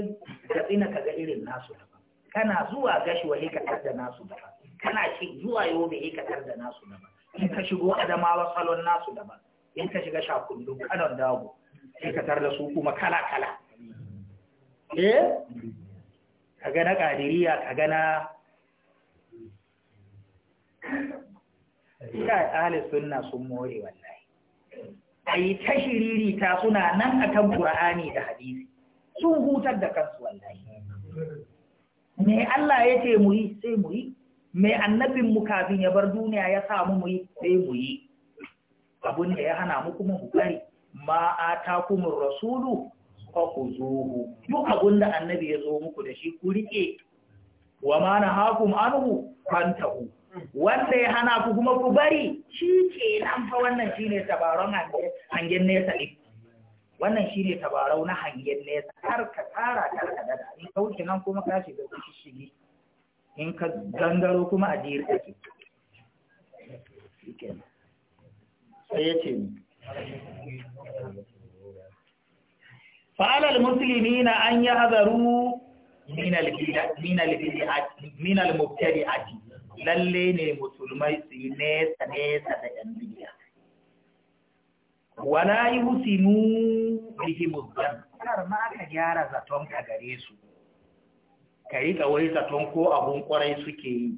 tsina ka ga irin nasu daban kana zuwa gashuwa wa katar da nasu daban kana shi zuwa yobe ya katar da nasu daban in ka shigo adamawa salon nasu daban in ka shiga shakundu kanon dago sai ka tar da su kuma kala kala eh ka gana na kadiriya ka gana. na Ina ahli sunna sun more wallahi. Ai ta shiriri ta suna nan akan Qur'ani da hadisi. sun hutar da kansu wallahi me Allah ya ce mu yi sai mu yi me annabin mu kafin ya bar duniya ya sa mu yi sai mu yi abun da ya hana mu kuma mu bari ma atakumur rasulu fa khuzuhu duk abun da annabi ya zo muku da shi ku rike wa ma hakum anhu fantahu wanda ya hana ku kuma ku bari shi nan fa wannan shine tabaron hangen nesa ne wannan shi ne tabarau na hangen nesa har ka tsara kar ka dada in ka wuce nan kuma ka shiga su shige in ka gangaro kuma a jiyar kake sai ya ce ni fa'alal musulmi na an yi hazaru minal mubtari ati lalle ne musulmai su yi nesa nesa da yan bidiya wala yusinu bihi muzdan kar ma ka gyara zaton ka gare su ka wai zaton ko abun ƙwarai suke yi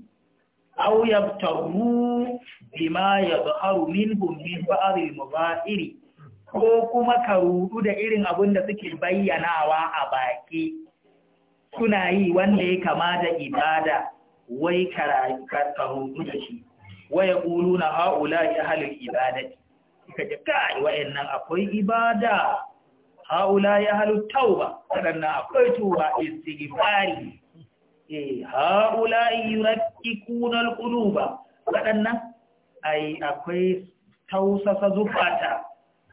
aw yabtaru bima yadharu minhum min ba'd al-mubahiri ko kuma ka rudu da irin abun da suke bayyanawa a baki suna yi wanda ya kama da ibada wai ka da shi waya ƙulu na ha'ula ya halin ibadati Ka ji kai wa'annan akwai ibada haula ya halu tauba waɗannan akwai tuba istighfari eh haula yurakkikuna alquluba waɗannan ai akwai tausasa zufata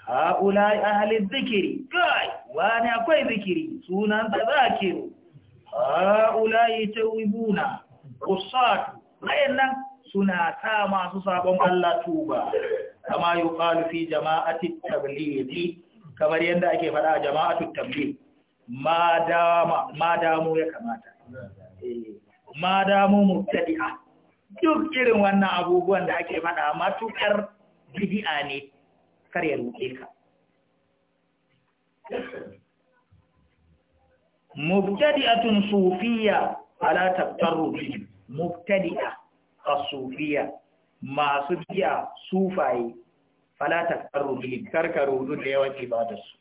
haula ahli zikiri kai wani akwai zikiri sunan ta zakiru haula tawibuna qusat waɗannan suna ta masu sabon Allah tuba kama yuqalu fi jama'ati tablighi kamar yadda ake faɗa a jama'atu tabligh ma damu ya kamata eh, ma damu mubtadi'a duk irin wannan abubuwan da ake faɗa matukar bid'a ne kar ya ruke ka mubtadi'atun sufiyya ala taqarrubi mubtadi'a as-sufiyya masu biya sufaye falatar karrumi karkaru dun da yawan ba da su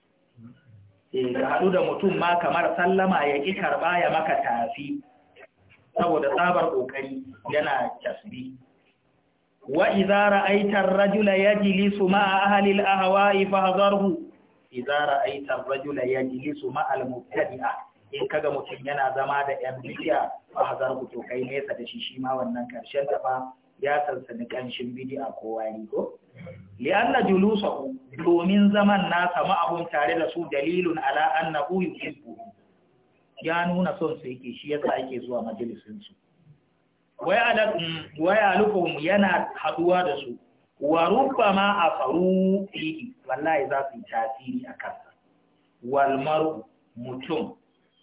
eh, ka haɗu da mutum ma kamar sallama ya ƙi karɓa ya maka tafi saboda tsabar ƙoƙari yana tasbi. wa izara aitar rajula ya jilisu ma'a ahalil ahawa'i fahazarhu izara aitar rajula ya jilisu al mubtadi'a in kaga mutum yana zama da yan a fahazarhu to kai nesa da shi shi ma wannan karshen da fa ya sansani ƙanshin bidi'a ko wari ko li'anna julusahu domin zaman nasa ma'ahun tare da su dalilun ala annahu yuhibbu ya nuna son su yake shi yasa yake zuwa majalisin su wai alukum yana haduwa da su wa rubbama afaru fi wallahi za su tasiri a kansa wal maru mutum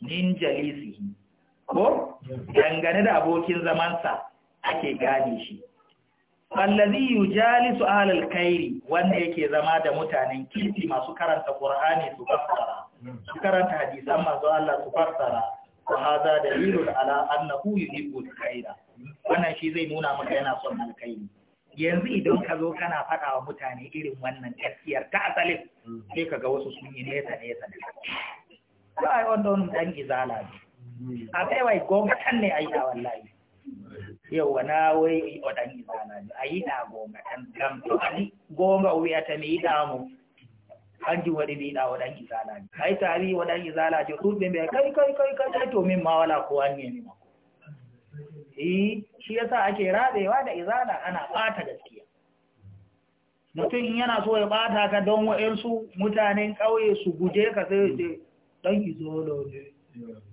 min jalisihi ko dangane da abokin zamansa ake gane shi allazi su ahlal kairi wanda yake zama da mutanen kirti masu karanta Kur'ani su fassara su karanta hadisan masu Allah su fassara su da hada da ala annahu da alkhaira wannan shi zai nuna maka yana son alkairi. yanzu idan ka zo kana faɗa wa mutane irin wannan gaskiyar ta asali sai ka ga wasu sun yi nesa nesa da ba yi wanda wani dan izala ne a kai wai gonga kan ne a yi a wallahi yauwa na wai waɗanni zana a yi na gonga ɗan to a ni gonga wuya ta mai damu an ji waɗi mai da waɗanni zana ne kai tari waɗanni zana ce turbe mai kai kai kai kai kai to min ma wala ko an ne ma eh shi yasa ake rabewa da izana ana ɓata gaskiya mutum in yana so ya ɓata ka don wa'ensu mutanen ƙauye su guje ka sai ya ce ɗan da ne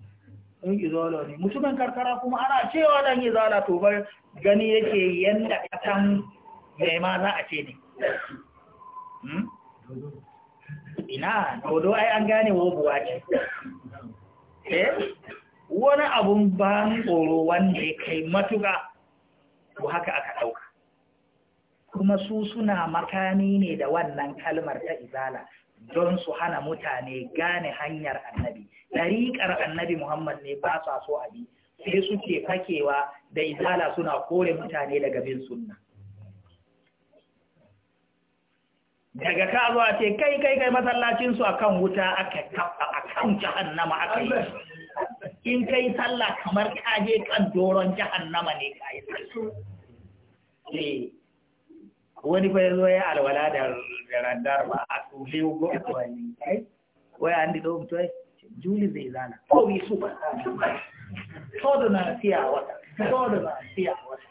in izala ne mutumin karkara kuma ana cewa dan izala to bar gani yake yanda katan mai ma za a ce ne hmm? ina dodo ai an gane wobuwa ce eh wani abun ban tsoro wanda ya kai matuka to haka aka ɗauka kuma su suna makami ne da wannan kalmar ta izala don su hana mutane gane hanyar annabi ɗariƙar annabi muhammad ne ba sa so a bi sai suke fakewa da izala suna kore mutane daga bin sunna daga ka zo ce kai kai kai masallacinsu a kan wuta a kan jahannama aka yi in kai sallah kamar kaje kan doron jahannama ne ka yi sallah eh, wani fa yazo ya alwala da randar ba a tsule go wani kai waya an dido mutu ai juli zai zana ko bi su ba to da na siya wata Ko da na siya wata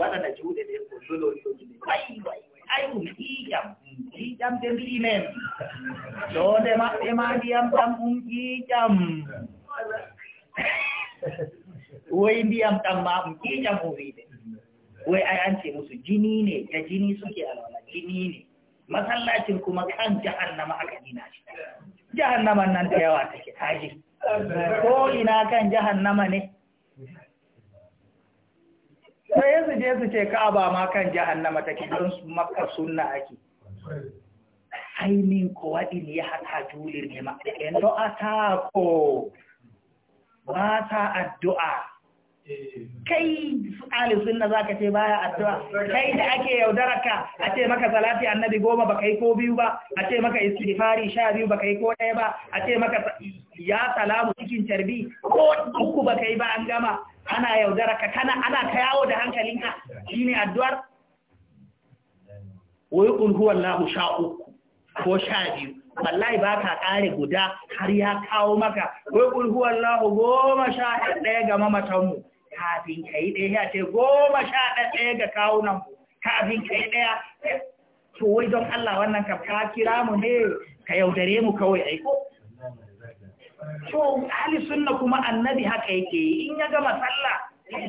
wata da juli ne ko dole ko juli ai ai ai ku iyam jam, den inen to da ma e ma diyam tam um jam. wai diyam tam ma um jam o ide wai ai an ce musu jini ne da jini suke alwala jini ne masallacin kuma kan jahannama aka gina shi jahannaman nan da yawa take kaji ko ina kan jahannama ne sai su je su ce ka'aba ma kan jahannama take don su makka sunna ake ainihin kowaɗin ya haka julir ne ma da ata ko ba ta addu'a kai ahli sunna zaka ce baya addu'a kai da ake yaudara ka a ce maka salati annabi goma baka yi ko biyu ba a ce maka istighfari sha biyu baka yi ko ɗaya ba a ce maka ya salamu cikin tarbi ko uku baka yi ba an gama ana yaudara ka kana ana ta da da ka shine addu'ar wai qul huwallahu sha uku ko sha biyu wallahi ba ka kare guda har ya kawo maka wai qul huwallahu goma sha ɗaya ga mamatanmu kafin ka yi ɗaya ce goma sha ɗaya ga kawunan kafin ka yi ɗaya to wai don Allah wannan ka ka kira mu ne ka yaudare mu kawai aiko to ahli sunna kuma annabi haka yake yi in ya gama sallah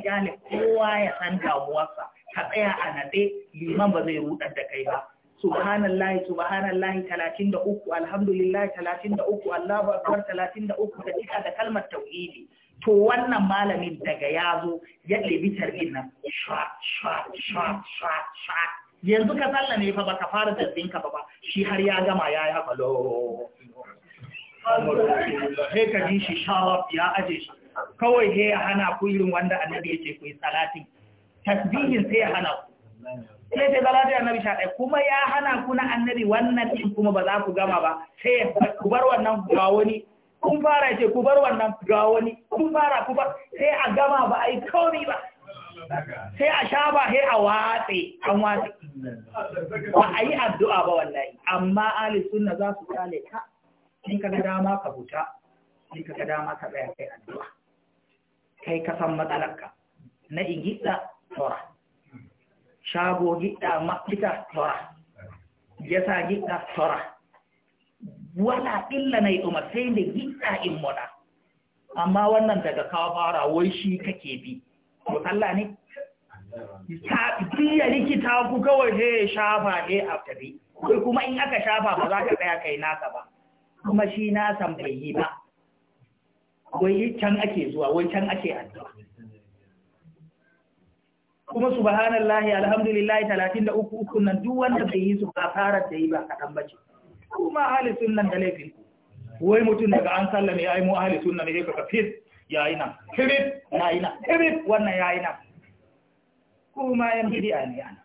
ya ne kowa ya san damuwarsa ka tsaya a naɗe liman ba zai rudar da kai ba subhanallahi subhanallahi 33 alhamdulillah 33 Allahu akbar 33 da cika da kalmar tauhidi to wannan malamin daga ya zo ya sha tarbin nan yanzu ka sallame fa baka fara tarbin ka ba shi har ya gama ya yi falo lo sai ka ji shi sharaf ya aje shi kawai sai ya hana ku irin wanda annabi ya ce ku yi salatin tasbihin sai ya hana ku sai ce salati annabi sha ɗaya kuma ya hana ku na annabi wannan ɗin kuma ba za ku gama ba sai ku bar wannan ba wani kun fara ce ku bar wannan ga wani kun fara ku bar sai a gama ba a yi komi ba sai a sha ba sai a watse an watse ba a yi addu'a ba wallahi amma Ali sunna za su kale ka in ka ga dama ka huta in ka ga dama ka tsaya kai addu'a kai ka san matsalarka na igidda tora shago gidda makita tora yasa gida tora wala illa na yi umar sai da gida in moda amma wannan daga kawo fara wai shi kake bi ko Allah ne ta biya likita ku kawai he shafa he a tafi kai kuma in aka shafa ba za ka tsaya kai nasa ba kuma shi nasan bai yi ba wai can ake zuwa wai can ake addu'a kuma subhanallahi alhamdulillah 33 ukun nan duk wanda bai yi su ba fara da yi ba kadan bace kuma ahli sunnan da laifin wai mutum daga an sallame ya yi mu ahli sunna ne ka fit ya yi nan kirif na yi nan kirif wannan ya yi nan kuma yan bidiya ne ana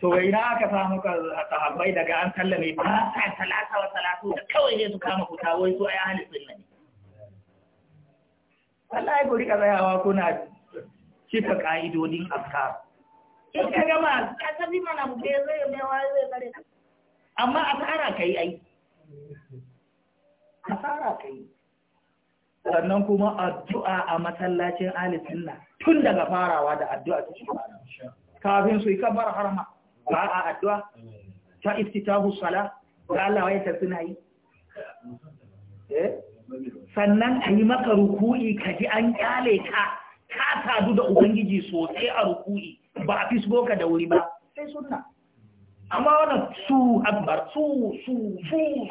to wai na aka samu ka sahabbai daga an sallame ba a talata wa salatu da kawai ne su kama fita wai su ai ahli sunna ne wallahi gori ka tsayawa kuna cika ka'idodin afkar in ka gama ka tafi mana mu bai zai mai wai zai kare ka amma asara ka yi ai asara ka yi sannan kuma addu'a a masallacin alisunna tun daga farawa da addu'a ta shugaba kafin su yi kabbar harama ba a addu'a ta iftitahu sala ga Allah ya tafi na yi eh? sannan a yi maka ruku'i ka ji an kyale ka ka sadu da ubangiji sosai a ruku'i ba a fisgo ka da wuri ba sai sunna amma wannan su akbar su su su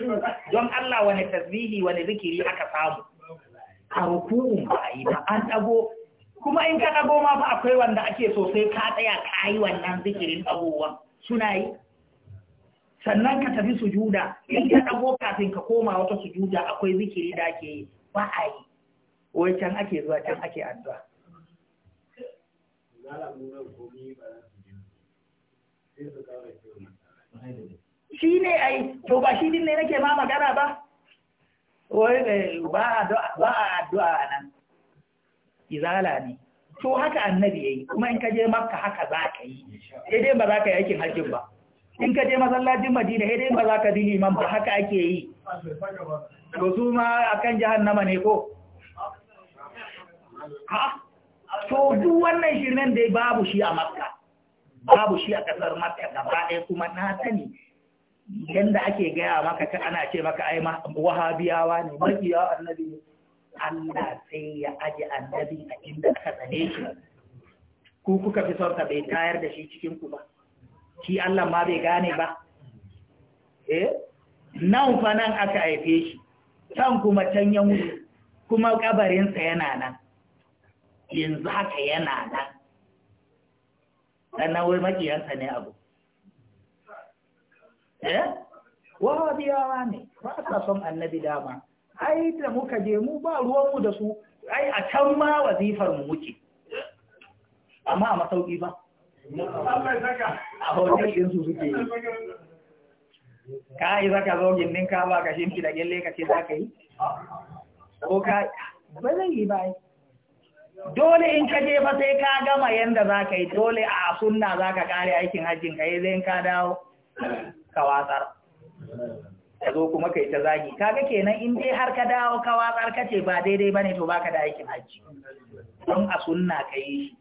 su don Allah wani tasbihi wani zikiri aka samu a ruku'un ba ba an dago kuma in ka dago ma ba akwai wanda ake so sai ka tsaya ka yi wannan zikirin abubuwa? suna yi sannan ka tafi sujuda in ka dago kafin ka koma wata sujuda akwai zikiri da ake yi ba a yi wai can ake zuwa can ake addu'a shi ne ai to ba shi din ne nake ma magana ba wai ba a addu'a a nan izala ne to haka annabi yayi kuma in ka je makka haka za ka yi sai dai ba za ka yi aikin hajjin ba in ka je masallacin madina sai dai ba za ka bi imam ba haka ake yi to su ma akan jahannama ne ko ha to duk wannan shirmen dai babu shi a makka babu shi a kasar maka gaba ɗaya kuma na sani yadda ake gaya maka ta ana ce maka ai wahabiyawa ne makiya annabi Allah sai ya aje annabi a inda aka tsane shi ku kuka fi sauka bai tayar da shi cikin ku ba shi Allah ma bai gane ba eh nan fa nan aka haife shi can kuma can ya mutu kuma kabarinsa yana nan yanzu haka yana nan sannan wai sa ne abu eh wahabiyawa ne ba sa son annabi dama ai da muka je mu ba ruwan mu da su ai a can ma wazifar mu muke amma a masauki ba a hotel su yi ka yi zaka zo gindin ka ba ka shimfi da gyalle ka ce za ka yi ko ka ba zai yi ba dole in ka je sai ka gama yanda za ka yi dole a suna za ka kare aikin hajjin ka yi eh, zai ka dawo ka watsar ka zo kuma ka yi ta zagi kaga kenan in dai har ka dawo ka watsar ka ce ba daidai ba ne to baka da aikin hajji don a suna ka yi shi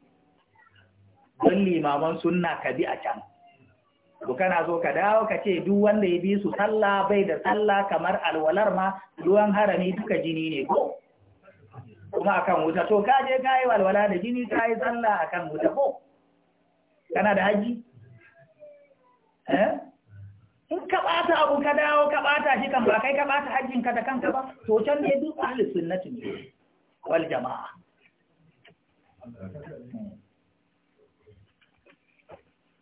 don limaman suna ka bi a can to kana zo ka dawo ka ce duk wanda ya bi su sallah bai da sallah kamar alwalar ma ruwan harami duka jini ne ko kuma akan wuta to ka je ka yi walwala da jini ka yi sallah akan wuta ko kana da haji eh in ka ɓata abu ka dawo ka ɓata shi kan ba kai ka ɓata hajjinka da kanka ba to can ne duk ahli sunnati ne wal jama'a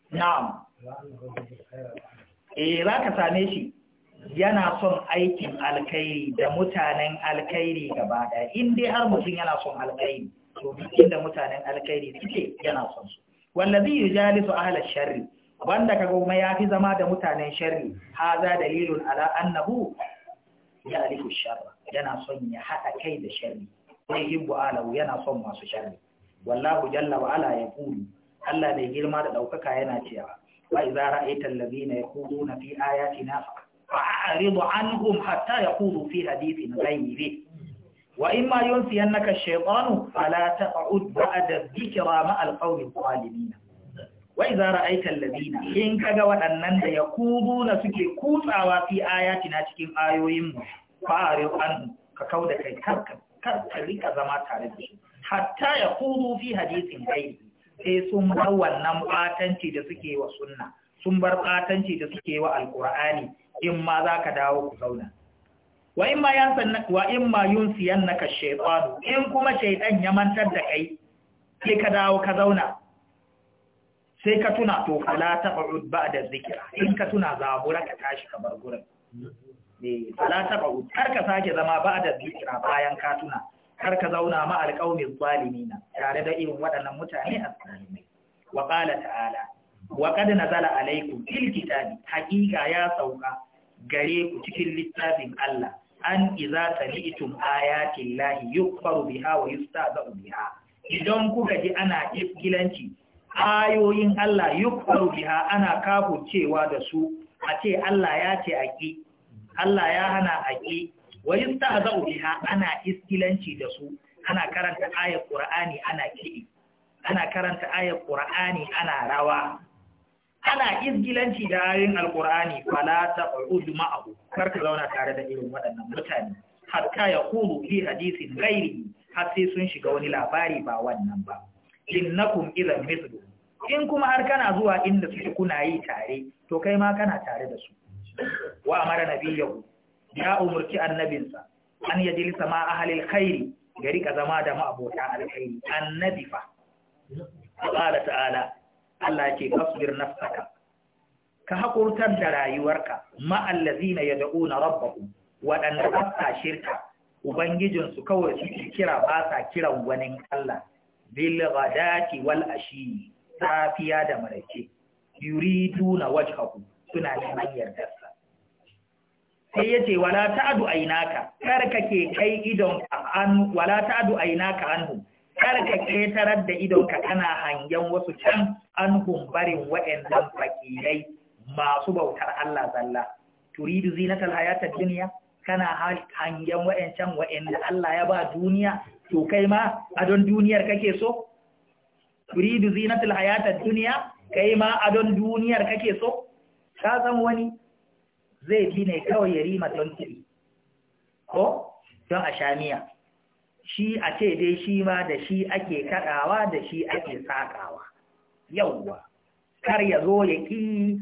na'am eh za ka same shi yana son aikin alkhairi da mutanen alkairi gaba ɗaya in dai har mutum yana son alkairi to inda mutanen alkairi suke yana son su wallazi yujalisu ahla sharri wanda kaga kuma yafi zama da mutanen sharri haza dalilun ala annahu alifu sharra yana son ya haɗa kai da sharri sai hibbu alahu yana son masu sharri wallahu jalla wa ala yaqulu Allah mai girma da ɗaukaka yana cewa wa idza ra'aita allazina yaquluna fi ayatina fa fa'aridu anhum hatta yaqulu fi hadithin ghayri wa imma yunsi annaka ash-shaytanu fala taq'ud ba'da dhikra a qawmi al-qalimin wa idha ra'aita alladhina in kaga wadannan da yaquluna suke kutsawa fi ayatina cikin ayoyin mu fa'aridu anhum ka kauda kai kar ka rika zama tare da su hatta yaqulu fi hadithin sun bar wannan batanci da suke wa sunna sun bar batanci da suke wa alqur'ani in ma za ka dawo ku zauna wa in ma yunsiyan naka shekwano, in kuma shekwan ya mantar da kai sai ka dawo ka zauna sai ka tuna to fala ba da zikira. in ka tuna zabura ka tashi ka bar gurin eh fala taqud kar ka sake zama ba da zikira bayan ka tuna kar ka zauna ma zalimi na tare da irin waɗannan mutane a zalimai wa ƙala ta'ala wa na zala alaykum ilkita ne, Haƙiƙa ya sauka gare ku cikin littafin Allah an iza sami'tum ayatin lahi yukfaru biha wa yustaza'u biha idan kuka ji ana iskilanci ayoyin Allah yukfaru biha ana kafu cewa da su a ce Allah ya ce aki Allah ya hana aki wa yustaza'u biha ana iskilanci da su ana karanta ayar Qur'ani ana kiɗi ana karanta ayar Qur'ani ana rawa ana izgilanci da ayoyin alkur'ani fala taqud ma'ahu kar ka zauna tare da irin waɗannan mutane hatta ya qulu fi hadisin ghairi har sai sun shiga wani labari ba wannan ba innakum idan mithlu in kuma har kana zuwa inda suke kuna yi tare to kai ma kana tare da su wa amara nabiyahu ya umurki annabinsa an yajlisa ma ahlil khairi gari ka zama da ma'abota alkhairi annabi fa qala ta'ala Allah ce fasbir nafsaka ka hakurtar da rayuwarka ma'allazina yad'una rabbahum waɗanda ba sa shirka su kawai suke kira ba sa kiran wani Allah bil ghadati wal ashi safiya da maraice yuriduna wajhahu suna neman yardarsa sai yace wala ta'du aynaka kar kake kai idon an wala ta'du aynaka anhum kar ka ketarar da idonka kana hangen wasu can an humbarin waɗannan fakirai masu bautar Allah zalla turidu zinatar hayatar duniya, kana hangen waɗancan waɗanda Allah ya ba duniya to kai ma a don duniyar kake so turidu zinatar hayatar duniya, kai ma don duniyar kake so ka san wani zai bi ne kawai rima don kiri ko don a shamiya shi a ce dai shi ma da shi ake kaɗawa da shi ake sakawa yauwa kar ya zo ya ƙi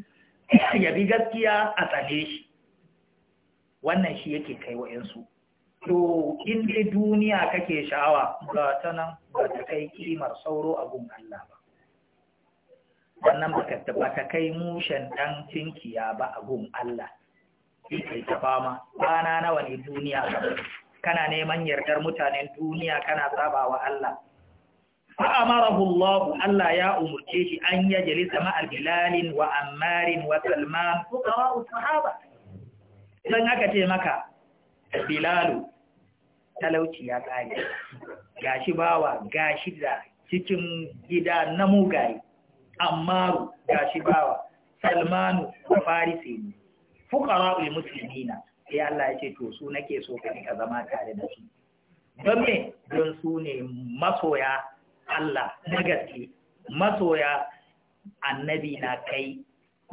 ya bi gaskiya a tsane shi wannan shi yake kai wa'insu to in dai duniya kake sha'awa ba ta nan ba ta kai ƙimar sauro a gun Allah ba wannan ba ta kai mushen ɗan tunkiya ba a gun Allah Yi kai ta fama na nawa ne duniya kamar kana neman yardar mutanen duniya kana saba wa Allah fa'amarahu Allah Allah ya umurce shi an ya jalisa ma'al bilalin wa ammarin wa salman fuqara sahaba idan aka ce maka bilalu talauci ya tsage gashi bawa gashi da cikin gida na mugaye ammaru gashi bawa salmanu farisi ne fuqara muslimina sai Allah ya ce to su nake so ka dinga zama tare da su don me don su ne masoya Allah na gaske masoya annabi na kai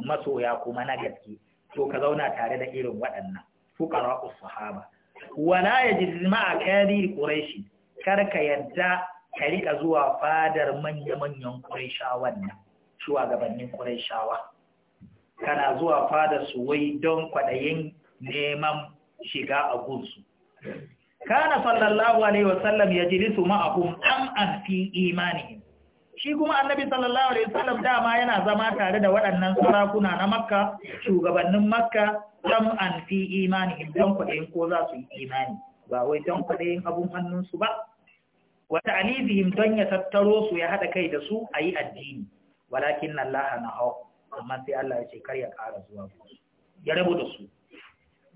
masoya kuma na gaske to ka zauna tare da irin waɗannan fuqara sahaba wala yajid ma'a kadi quraishi kar ka yadda ka rika zuwa fadar manya-manyan quraishawan nan shugabannin quraishawa kana zuwa fadar su wai don kwaɗayin neman shiga a gunsu kana sallallahu alaihi wasallam yajlisu ma'ahum an fi imanihim shi kuma annabi sallallahu alaihi wasallam dama yana zama tare da waɗannan sarakuna na makka shugabannin makka an fi imanihim don kwaɗayin ko za su yi imani ba wai don kwaɗayin abun hannunsu ba wata alifihim don ya tattaro su ya haɗa kai da su a yi addini walakin Allah na hau amma sai Allah ya ce kar ya ƙara zuwa ya rabu da su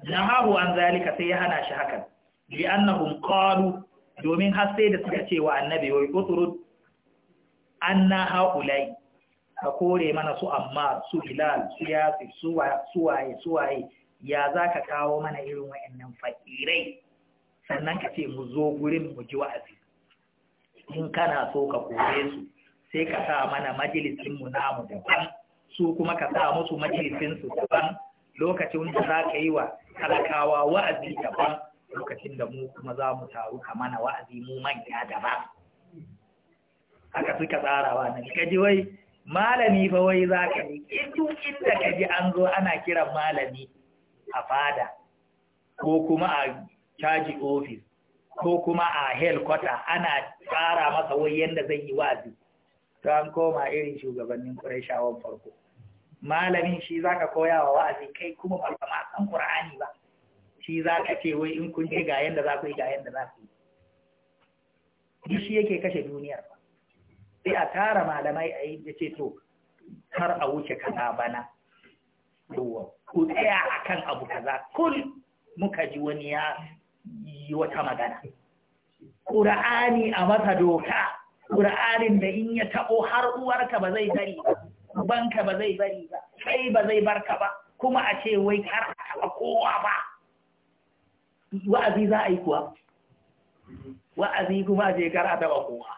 nahahu an zalika sai ya hana shi hakan li annahum qalu domin har sai da suka ce wa annabi wai kuturu anna haulai ka kore mana su amma su bilal su yasi su waye su waye ya zaka kawo mana irin wayannan fakirai sannan ka ce mu zo gurin mu ji wa'azi in kana so ka kore su sai ka sa mana majalisin mu namu daban su kuma ka sa musu majalisin su daban lokacin da za ka yi wa talakawa wa'azi daban lokacin da mu kuma za mu taru ka mana wa'azi mu manya daban haka suka tsarawa nan ka ji wai malami fa wai za ka yi duk inda ka ji an zo ana kiran malami a fada ko kuma a caji ofis ko kuma a helkwata ana tsara masa wai yadda zai yi wa'azi ta an koma irin shugabannin ƙurashawan farko malamin shi zaka koya wa wa'azi kai kuma ba ma san ba shi zaka ce wai in kun je ga yanda za ku yi ga yanda za ku yi shi yake kashe duniyar sai a tara malamai a yi da ce to har a wuce kaza bana yawa ku tsaya kan abu kaza kul muka ji wani ya yi wata magana Qur'ani a masa doka Qur'anin da in ya taɓo har uwarka ba zai gari ba ubanka ba zai bari ba sai ba zai barka ba kuma a ce wai kar a kowa ba wa'azi za a yi kuwa wa'azi kuma a ce kar a taba kowa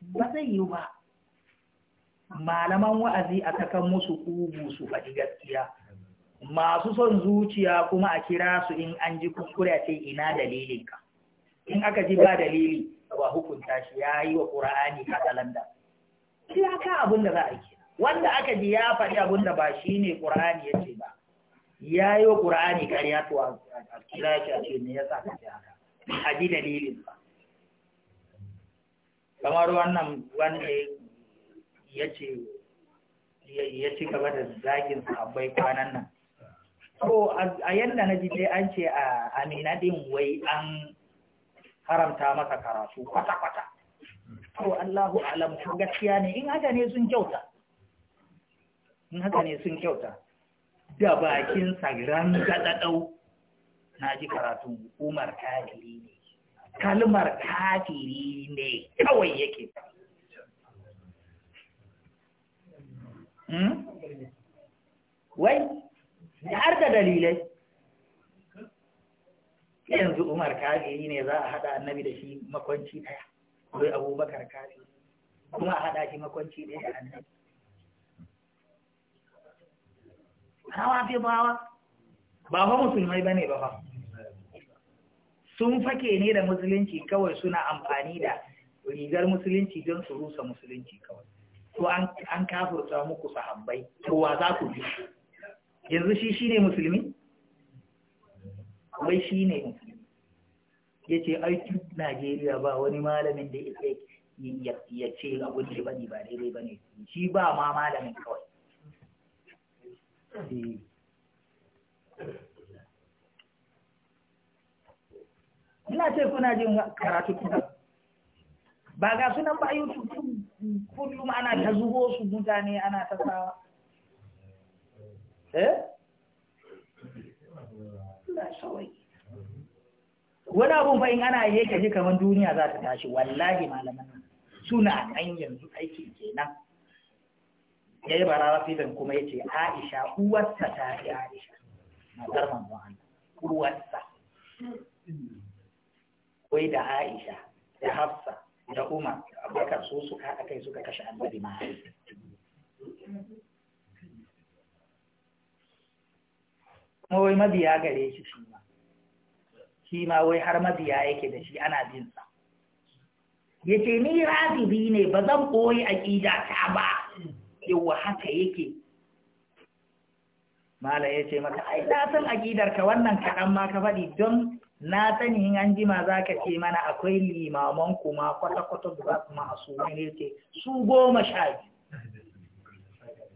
ba zai yi ba malaman wa'azi a takan musu kugu su faɗi gaskiya masu son zuciya kuma a kira su in an ji kuskure a ce ina dalilinka in aka ji ba dalili ba hukunta shi ya yi wa ƙura'ani a kalanda iyaka abin da za a yi wanda aka ji ya faɗi abin da ba shi ne ƙur'ani ya ce ba ya yi ƙur'ani ƙarya to a kira shi a ce ne ya sa ka ce haka a ji dalilin ba kamar wannan wanda ya ce ya ci gaba da zagin sabbai kwanan nan to a yadda na ji dai an ce a amina wai an haramta masa karatu kwata-kwata to Allahu alam to gaskiya ne in haka ne sun kyauta in haka ne sun kyauta da bakin sagran gadadau na ji karatun umar kafiri ne kalmar kafiri ne kawai yake hmm? wai har da dalilai yanzu umar kafiri ne za a haɗa annabi da shi makonci ɗaya akwai abubakar kafi kuma a haɗa shi makwanci ne da annabi hawa fi bawa ba fa musulmai bane ba fa sun fake ne da musulunci kawai suna amfani da rigar musulunci don su rusa musulunci kawai to an kafurta muku sahabbai to wa za ku ji yanzu shi shi ne musulmi wai shi ne Musulmi? ya ce aikin najeriya ba wani malamin da ya ce abin da ba ba daidai ba ne shi ba ma malamin kawai eh. ina ce kuna jin karatu kuma. ba ga sunan ba yi youtube kullum ana ta zubo su mutane ana ta sawa eh Ina ya wani abun fa in ana yi ka ji kamar duniya za ta tashi wallahi malaman suna kan yanzu aiki kenan ya yi barawa kuma ya ce aisha uwarsa ta fi aisha matar manzon Allah uwarsa wai da aisha da hafsa da umar da abubakar su suka haɗa kai suka kashe annabi ma kuma wai mabiya gare shi su shi ma wai har mabiya yake da shi ana bin sa yace ni razibi ne ba zan koyi aqida ta ba yawa haka yake mala yace maka ai na san aqidar ka wannan kaɗan ma ka faɗi don na sani in an jima za ka ce mana akwai limaman kuma kwata-kwata za su ma'asumai ne su goma sha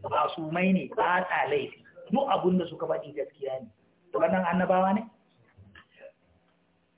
biyu mai ne ba ta laifi duk abin suka faɗi gaskiya ne wannan annabawa ne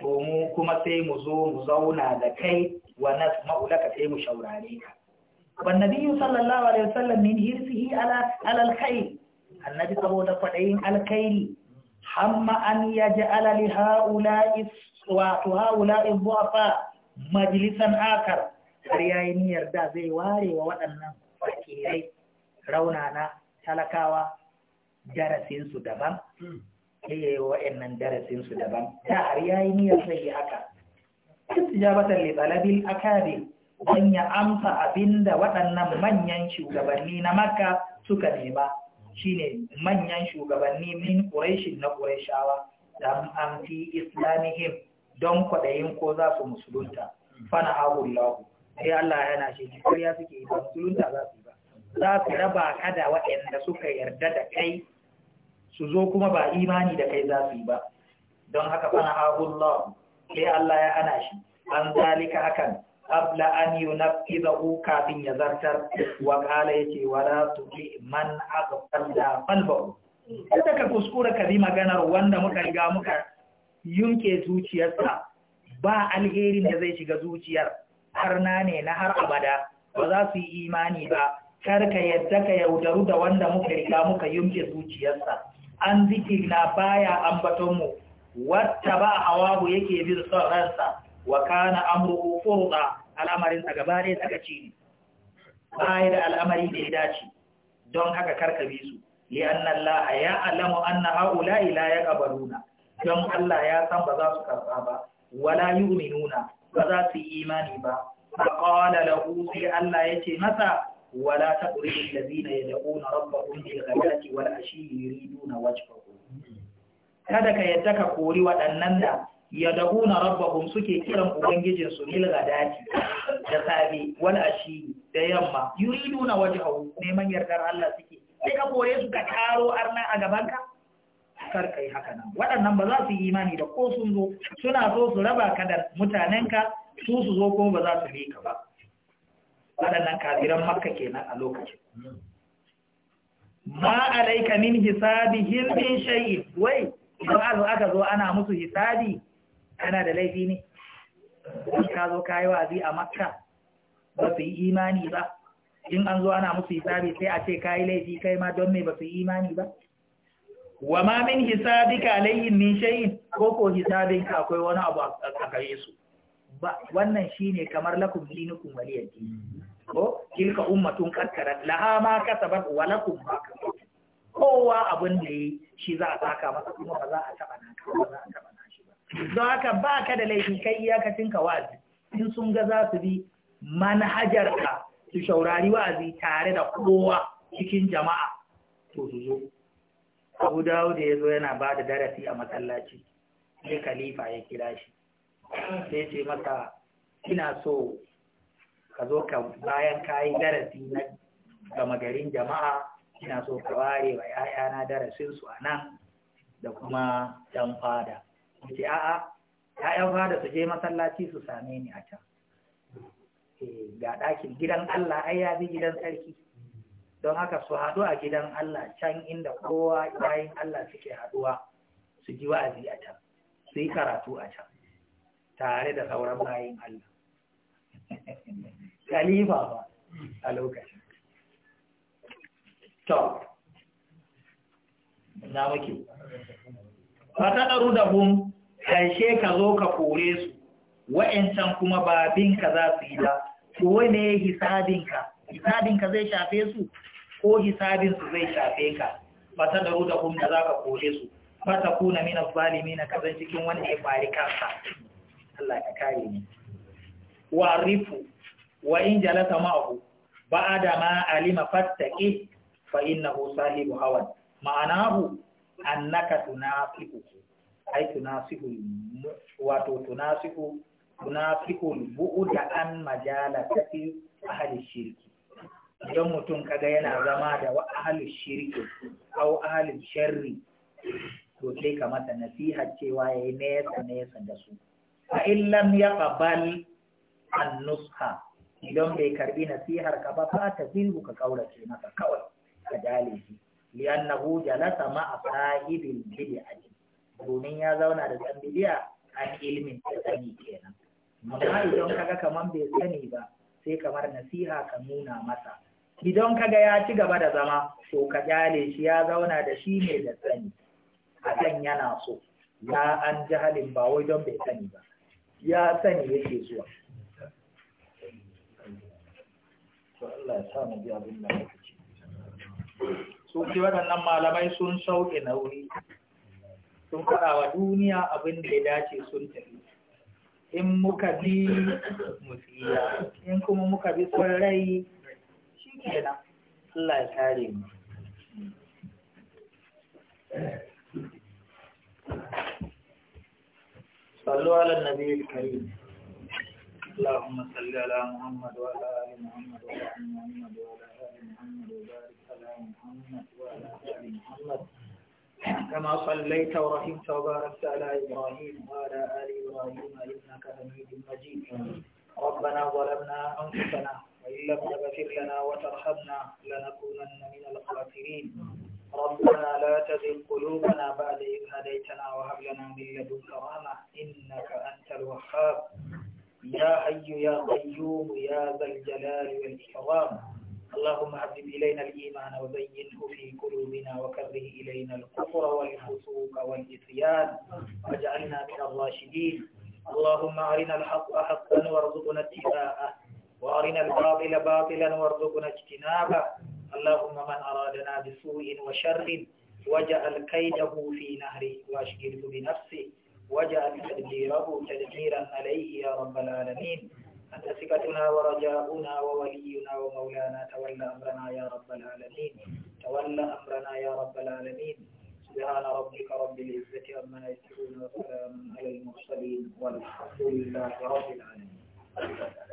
to mu kuma sai mu zo mu zauna da kai wa nas ma'ulaka sai mu shaurare ka wan nabiyyu sallallahu alaihi wasallam min hirsihi ala alal khair annabi saboda kwadayin alkhairi hamma an yaj'ala li ha'ula'i wa to ha'ula'i dhafa majlisan akar har yayi niyyar da zai ware wa waɗannan fakirai raunana talakawa darasin su daban sai wa yi darasinsu daban har yayi ni niyyar sai ya haka istijabatan li talabil akabi dan ya amsa abinda waɗannan manyan shugabanni na makka suka nema shine manyan shugabanni min quraishin na qurayshawa da fi islamihim don kwaɗayin ko za su musulunta fana hahullahu sai Allah yana shi kariya suke musulunta za su yi ba za su raba kada da waɗanda suka yarda da kai su zo kuma ba imani da kai za su yi ba don haka fana hahullah sai Allah ya hana shi an zalika hakan abla an yunfizahu kafin ya zartar wa qala yace wala tuti man aghfalna kada ka kuskura ka bi maganar wanda muka riga muka yunke zuciyarsa ba alherin da zai shiga zuciyar har na ne na har abada ba za su yi imani ba kar ka yadda ka yaudaru da wanda muka riga muka yunke zuciyarsa an na baya mu wata ba hawahu yake bin son ransa wa kana amruhu furda al'amarin sa gaba ne sakaci ne bai da al'amari da ya dace don haka bi su li anna Allah ya alamu anna haula la yaqbaluna don Allah ya san ba za su karba ba wala yu'minuna ba za su yi imani ba da lahu sai Allah ya ce masa ولا تقرب الذين يدعون ربهم بالغداة والعشي يريدون وجهه kada ka yadda ka kori waɗannan da ya dahuna rabbahum suke kiran ubangijinsu nil gadati da safe wal ashi da yamma yuriduna wajhahu neman yardar Allah suke sai ka kore su ka taro arna a gaban ka kar kai haka nan waɗannan ba za su yi imani da ko sun zo suna so su raba ka da mutanenka su su zo ko ba za su bi ka ba waɗannan kafiran makka kenan a lokacin ma alaika min hisabi hilmin shayi wai idan azu aka zo ana musu hisabi kana da laifi ne in ka zo kayi wa'azi a makka ba su yi imani ba in an zo ana musu hisabi sai a ce kayi laifi kai ma don me ba su yi imani ba wa ma min hisabika alayhim min shay'in ko ko hisabinka akwai wani abu a gare su wannan shine kamar lakum dinukum waliyar din ko tilka ummatun karkarat laha ma kasabat wa lakum ma kowa abin da yi shi za a saka masa kuma ba za a taba na ka ba za a taba na shi ba don haka ba ka da laifi kai iyakacin ka wa'azi in sun ga za su bi manhajar ka su shaurari wa'azi tare da kowa cikin jama'a to su zo Abu Dawud ya zo yana ba da darasi a masallaci sai khalifa ya kira shi sai ce masa ina so ka zo ka bayan ka yi darasi na gama garin jama'a ina so ka ware wa ‘ya'yana darasinsu a nan da kuma ‘yan fada. Ce a'a, ‘ya'yan fada su je masallaci su same ni a can. Eh Ga ɗakin gidan Allah ai ya bi gidan sarki. Don haka su haɗu a gidan Allah can inda kowa bayan Allah suke haɗuwa su ji wa'azi a can, su yi karatu a can. tare da sauran bayin Allah khalifa ba a lokacin to na muke fata ɗaru da hun karshe ka zo ka kore su wa'ancan kuma babinka za su yi da kuwa ne hisabinka hisabinka zai shafe su ko hisabinsu zai shafe ka fata ɗaru da bun da za ka kore su fata kuna mina zalimi na kazan cikin wanda ya fari kansa Allah ka kare ni wa rifu wa in jalasa ma'ahu ba'ada ma alima fattaqi fa innahu sahibu hawan ma'anahu annaka tunafiku. ai tunafiku wato tunafiku tunafiku bu'da an majala fi ahli shirki idan mutum kaga yana zama da ahli shirki au ahli sharri to sai ka nasiha cewa yayi nesa nesa da su A in lam yaqbal an-nusha idan bai karbi nasihar ka ba fa ta zilbu ka kaurace masa kawai ka dale shi a jalasa ma'a sahibil bid'ati domin ya zauna da dan bid'a an ilmin da sani kenan amma idan kaga kaman bai sani ba sai kamar nasiha ka nuna masa idan kaga ya ci gaba da zama to ka jale shi ya zauna da shi ne da sani a kan yana so ya an jahalin ba wai don bai sani ba ya sani yake zuwa Allah ya sa bi abin da waɗannan malamai sun sauke nauyi sun faɗa wa duniya abin da ya dace sun tafi in muka bi musiya in kuma muka bi son rai shi kenan Allah ya kare mu صلوا على النبي الكريم اللهم صل على محمد وعلى آل محمد وعلى محمد وعلى آل محمد وبارك على محمد وعلى آل محمد كما صليت ورحمت وباركت على إبراهيم وعلى آل إبراهيم إنك حميد مجيد ربنا ظلمنا أنفسنا وإن لم تغفر لنا وترحمنا لنكونن من الخاسرين ربنا لا تزغ قلوبنا بعد إذ هديتنا وهب لنا من لدنك رحمة إنك أنت الوهاب يا حي يا قيوم يا ذا الجلال والإكرام اللهم حبب إلينا الإيمان وزينه في قلوبنا وكره إلينا الكفر والفسوق والعصيان واجعلنا من الراشدين اللهم أرنا الحق حقا وارزقنا اتباعه وأرنا الباطل باطلا وارزقنا اجتنابه اللهم من أرادنا بسوء وشر وجعل كيده في نهره واشكره بنفسه وجعل تدبيره تدبيرا عليه يا رب العالمين أنت ثقتنا ورجاؤنا وولينا ومولانا تولى أمرنا يا رب العالمين تولى أمرنا يا رب العالمين سبحان ربك رب العزة عما يصفون وسلام على المرسلين والحمد لله رب العالمين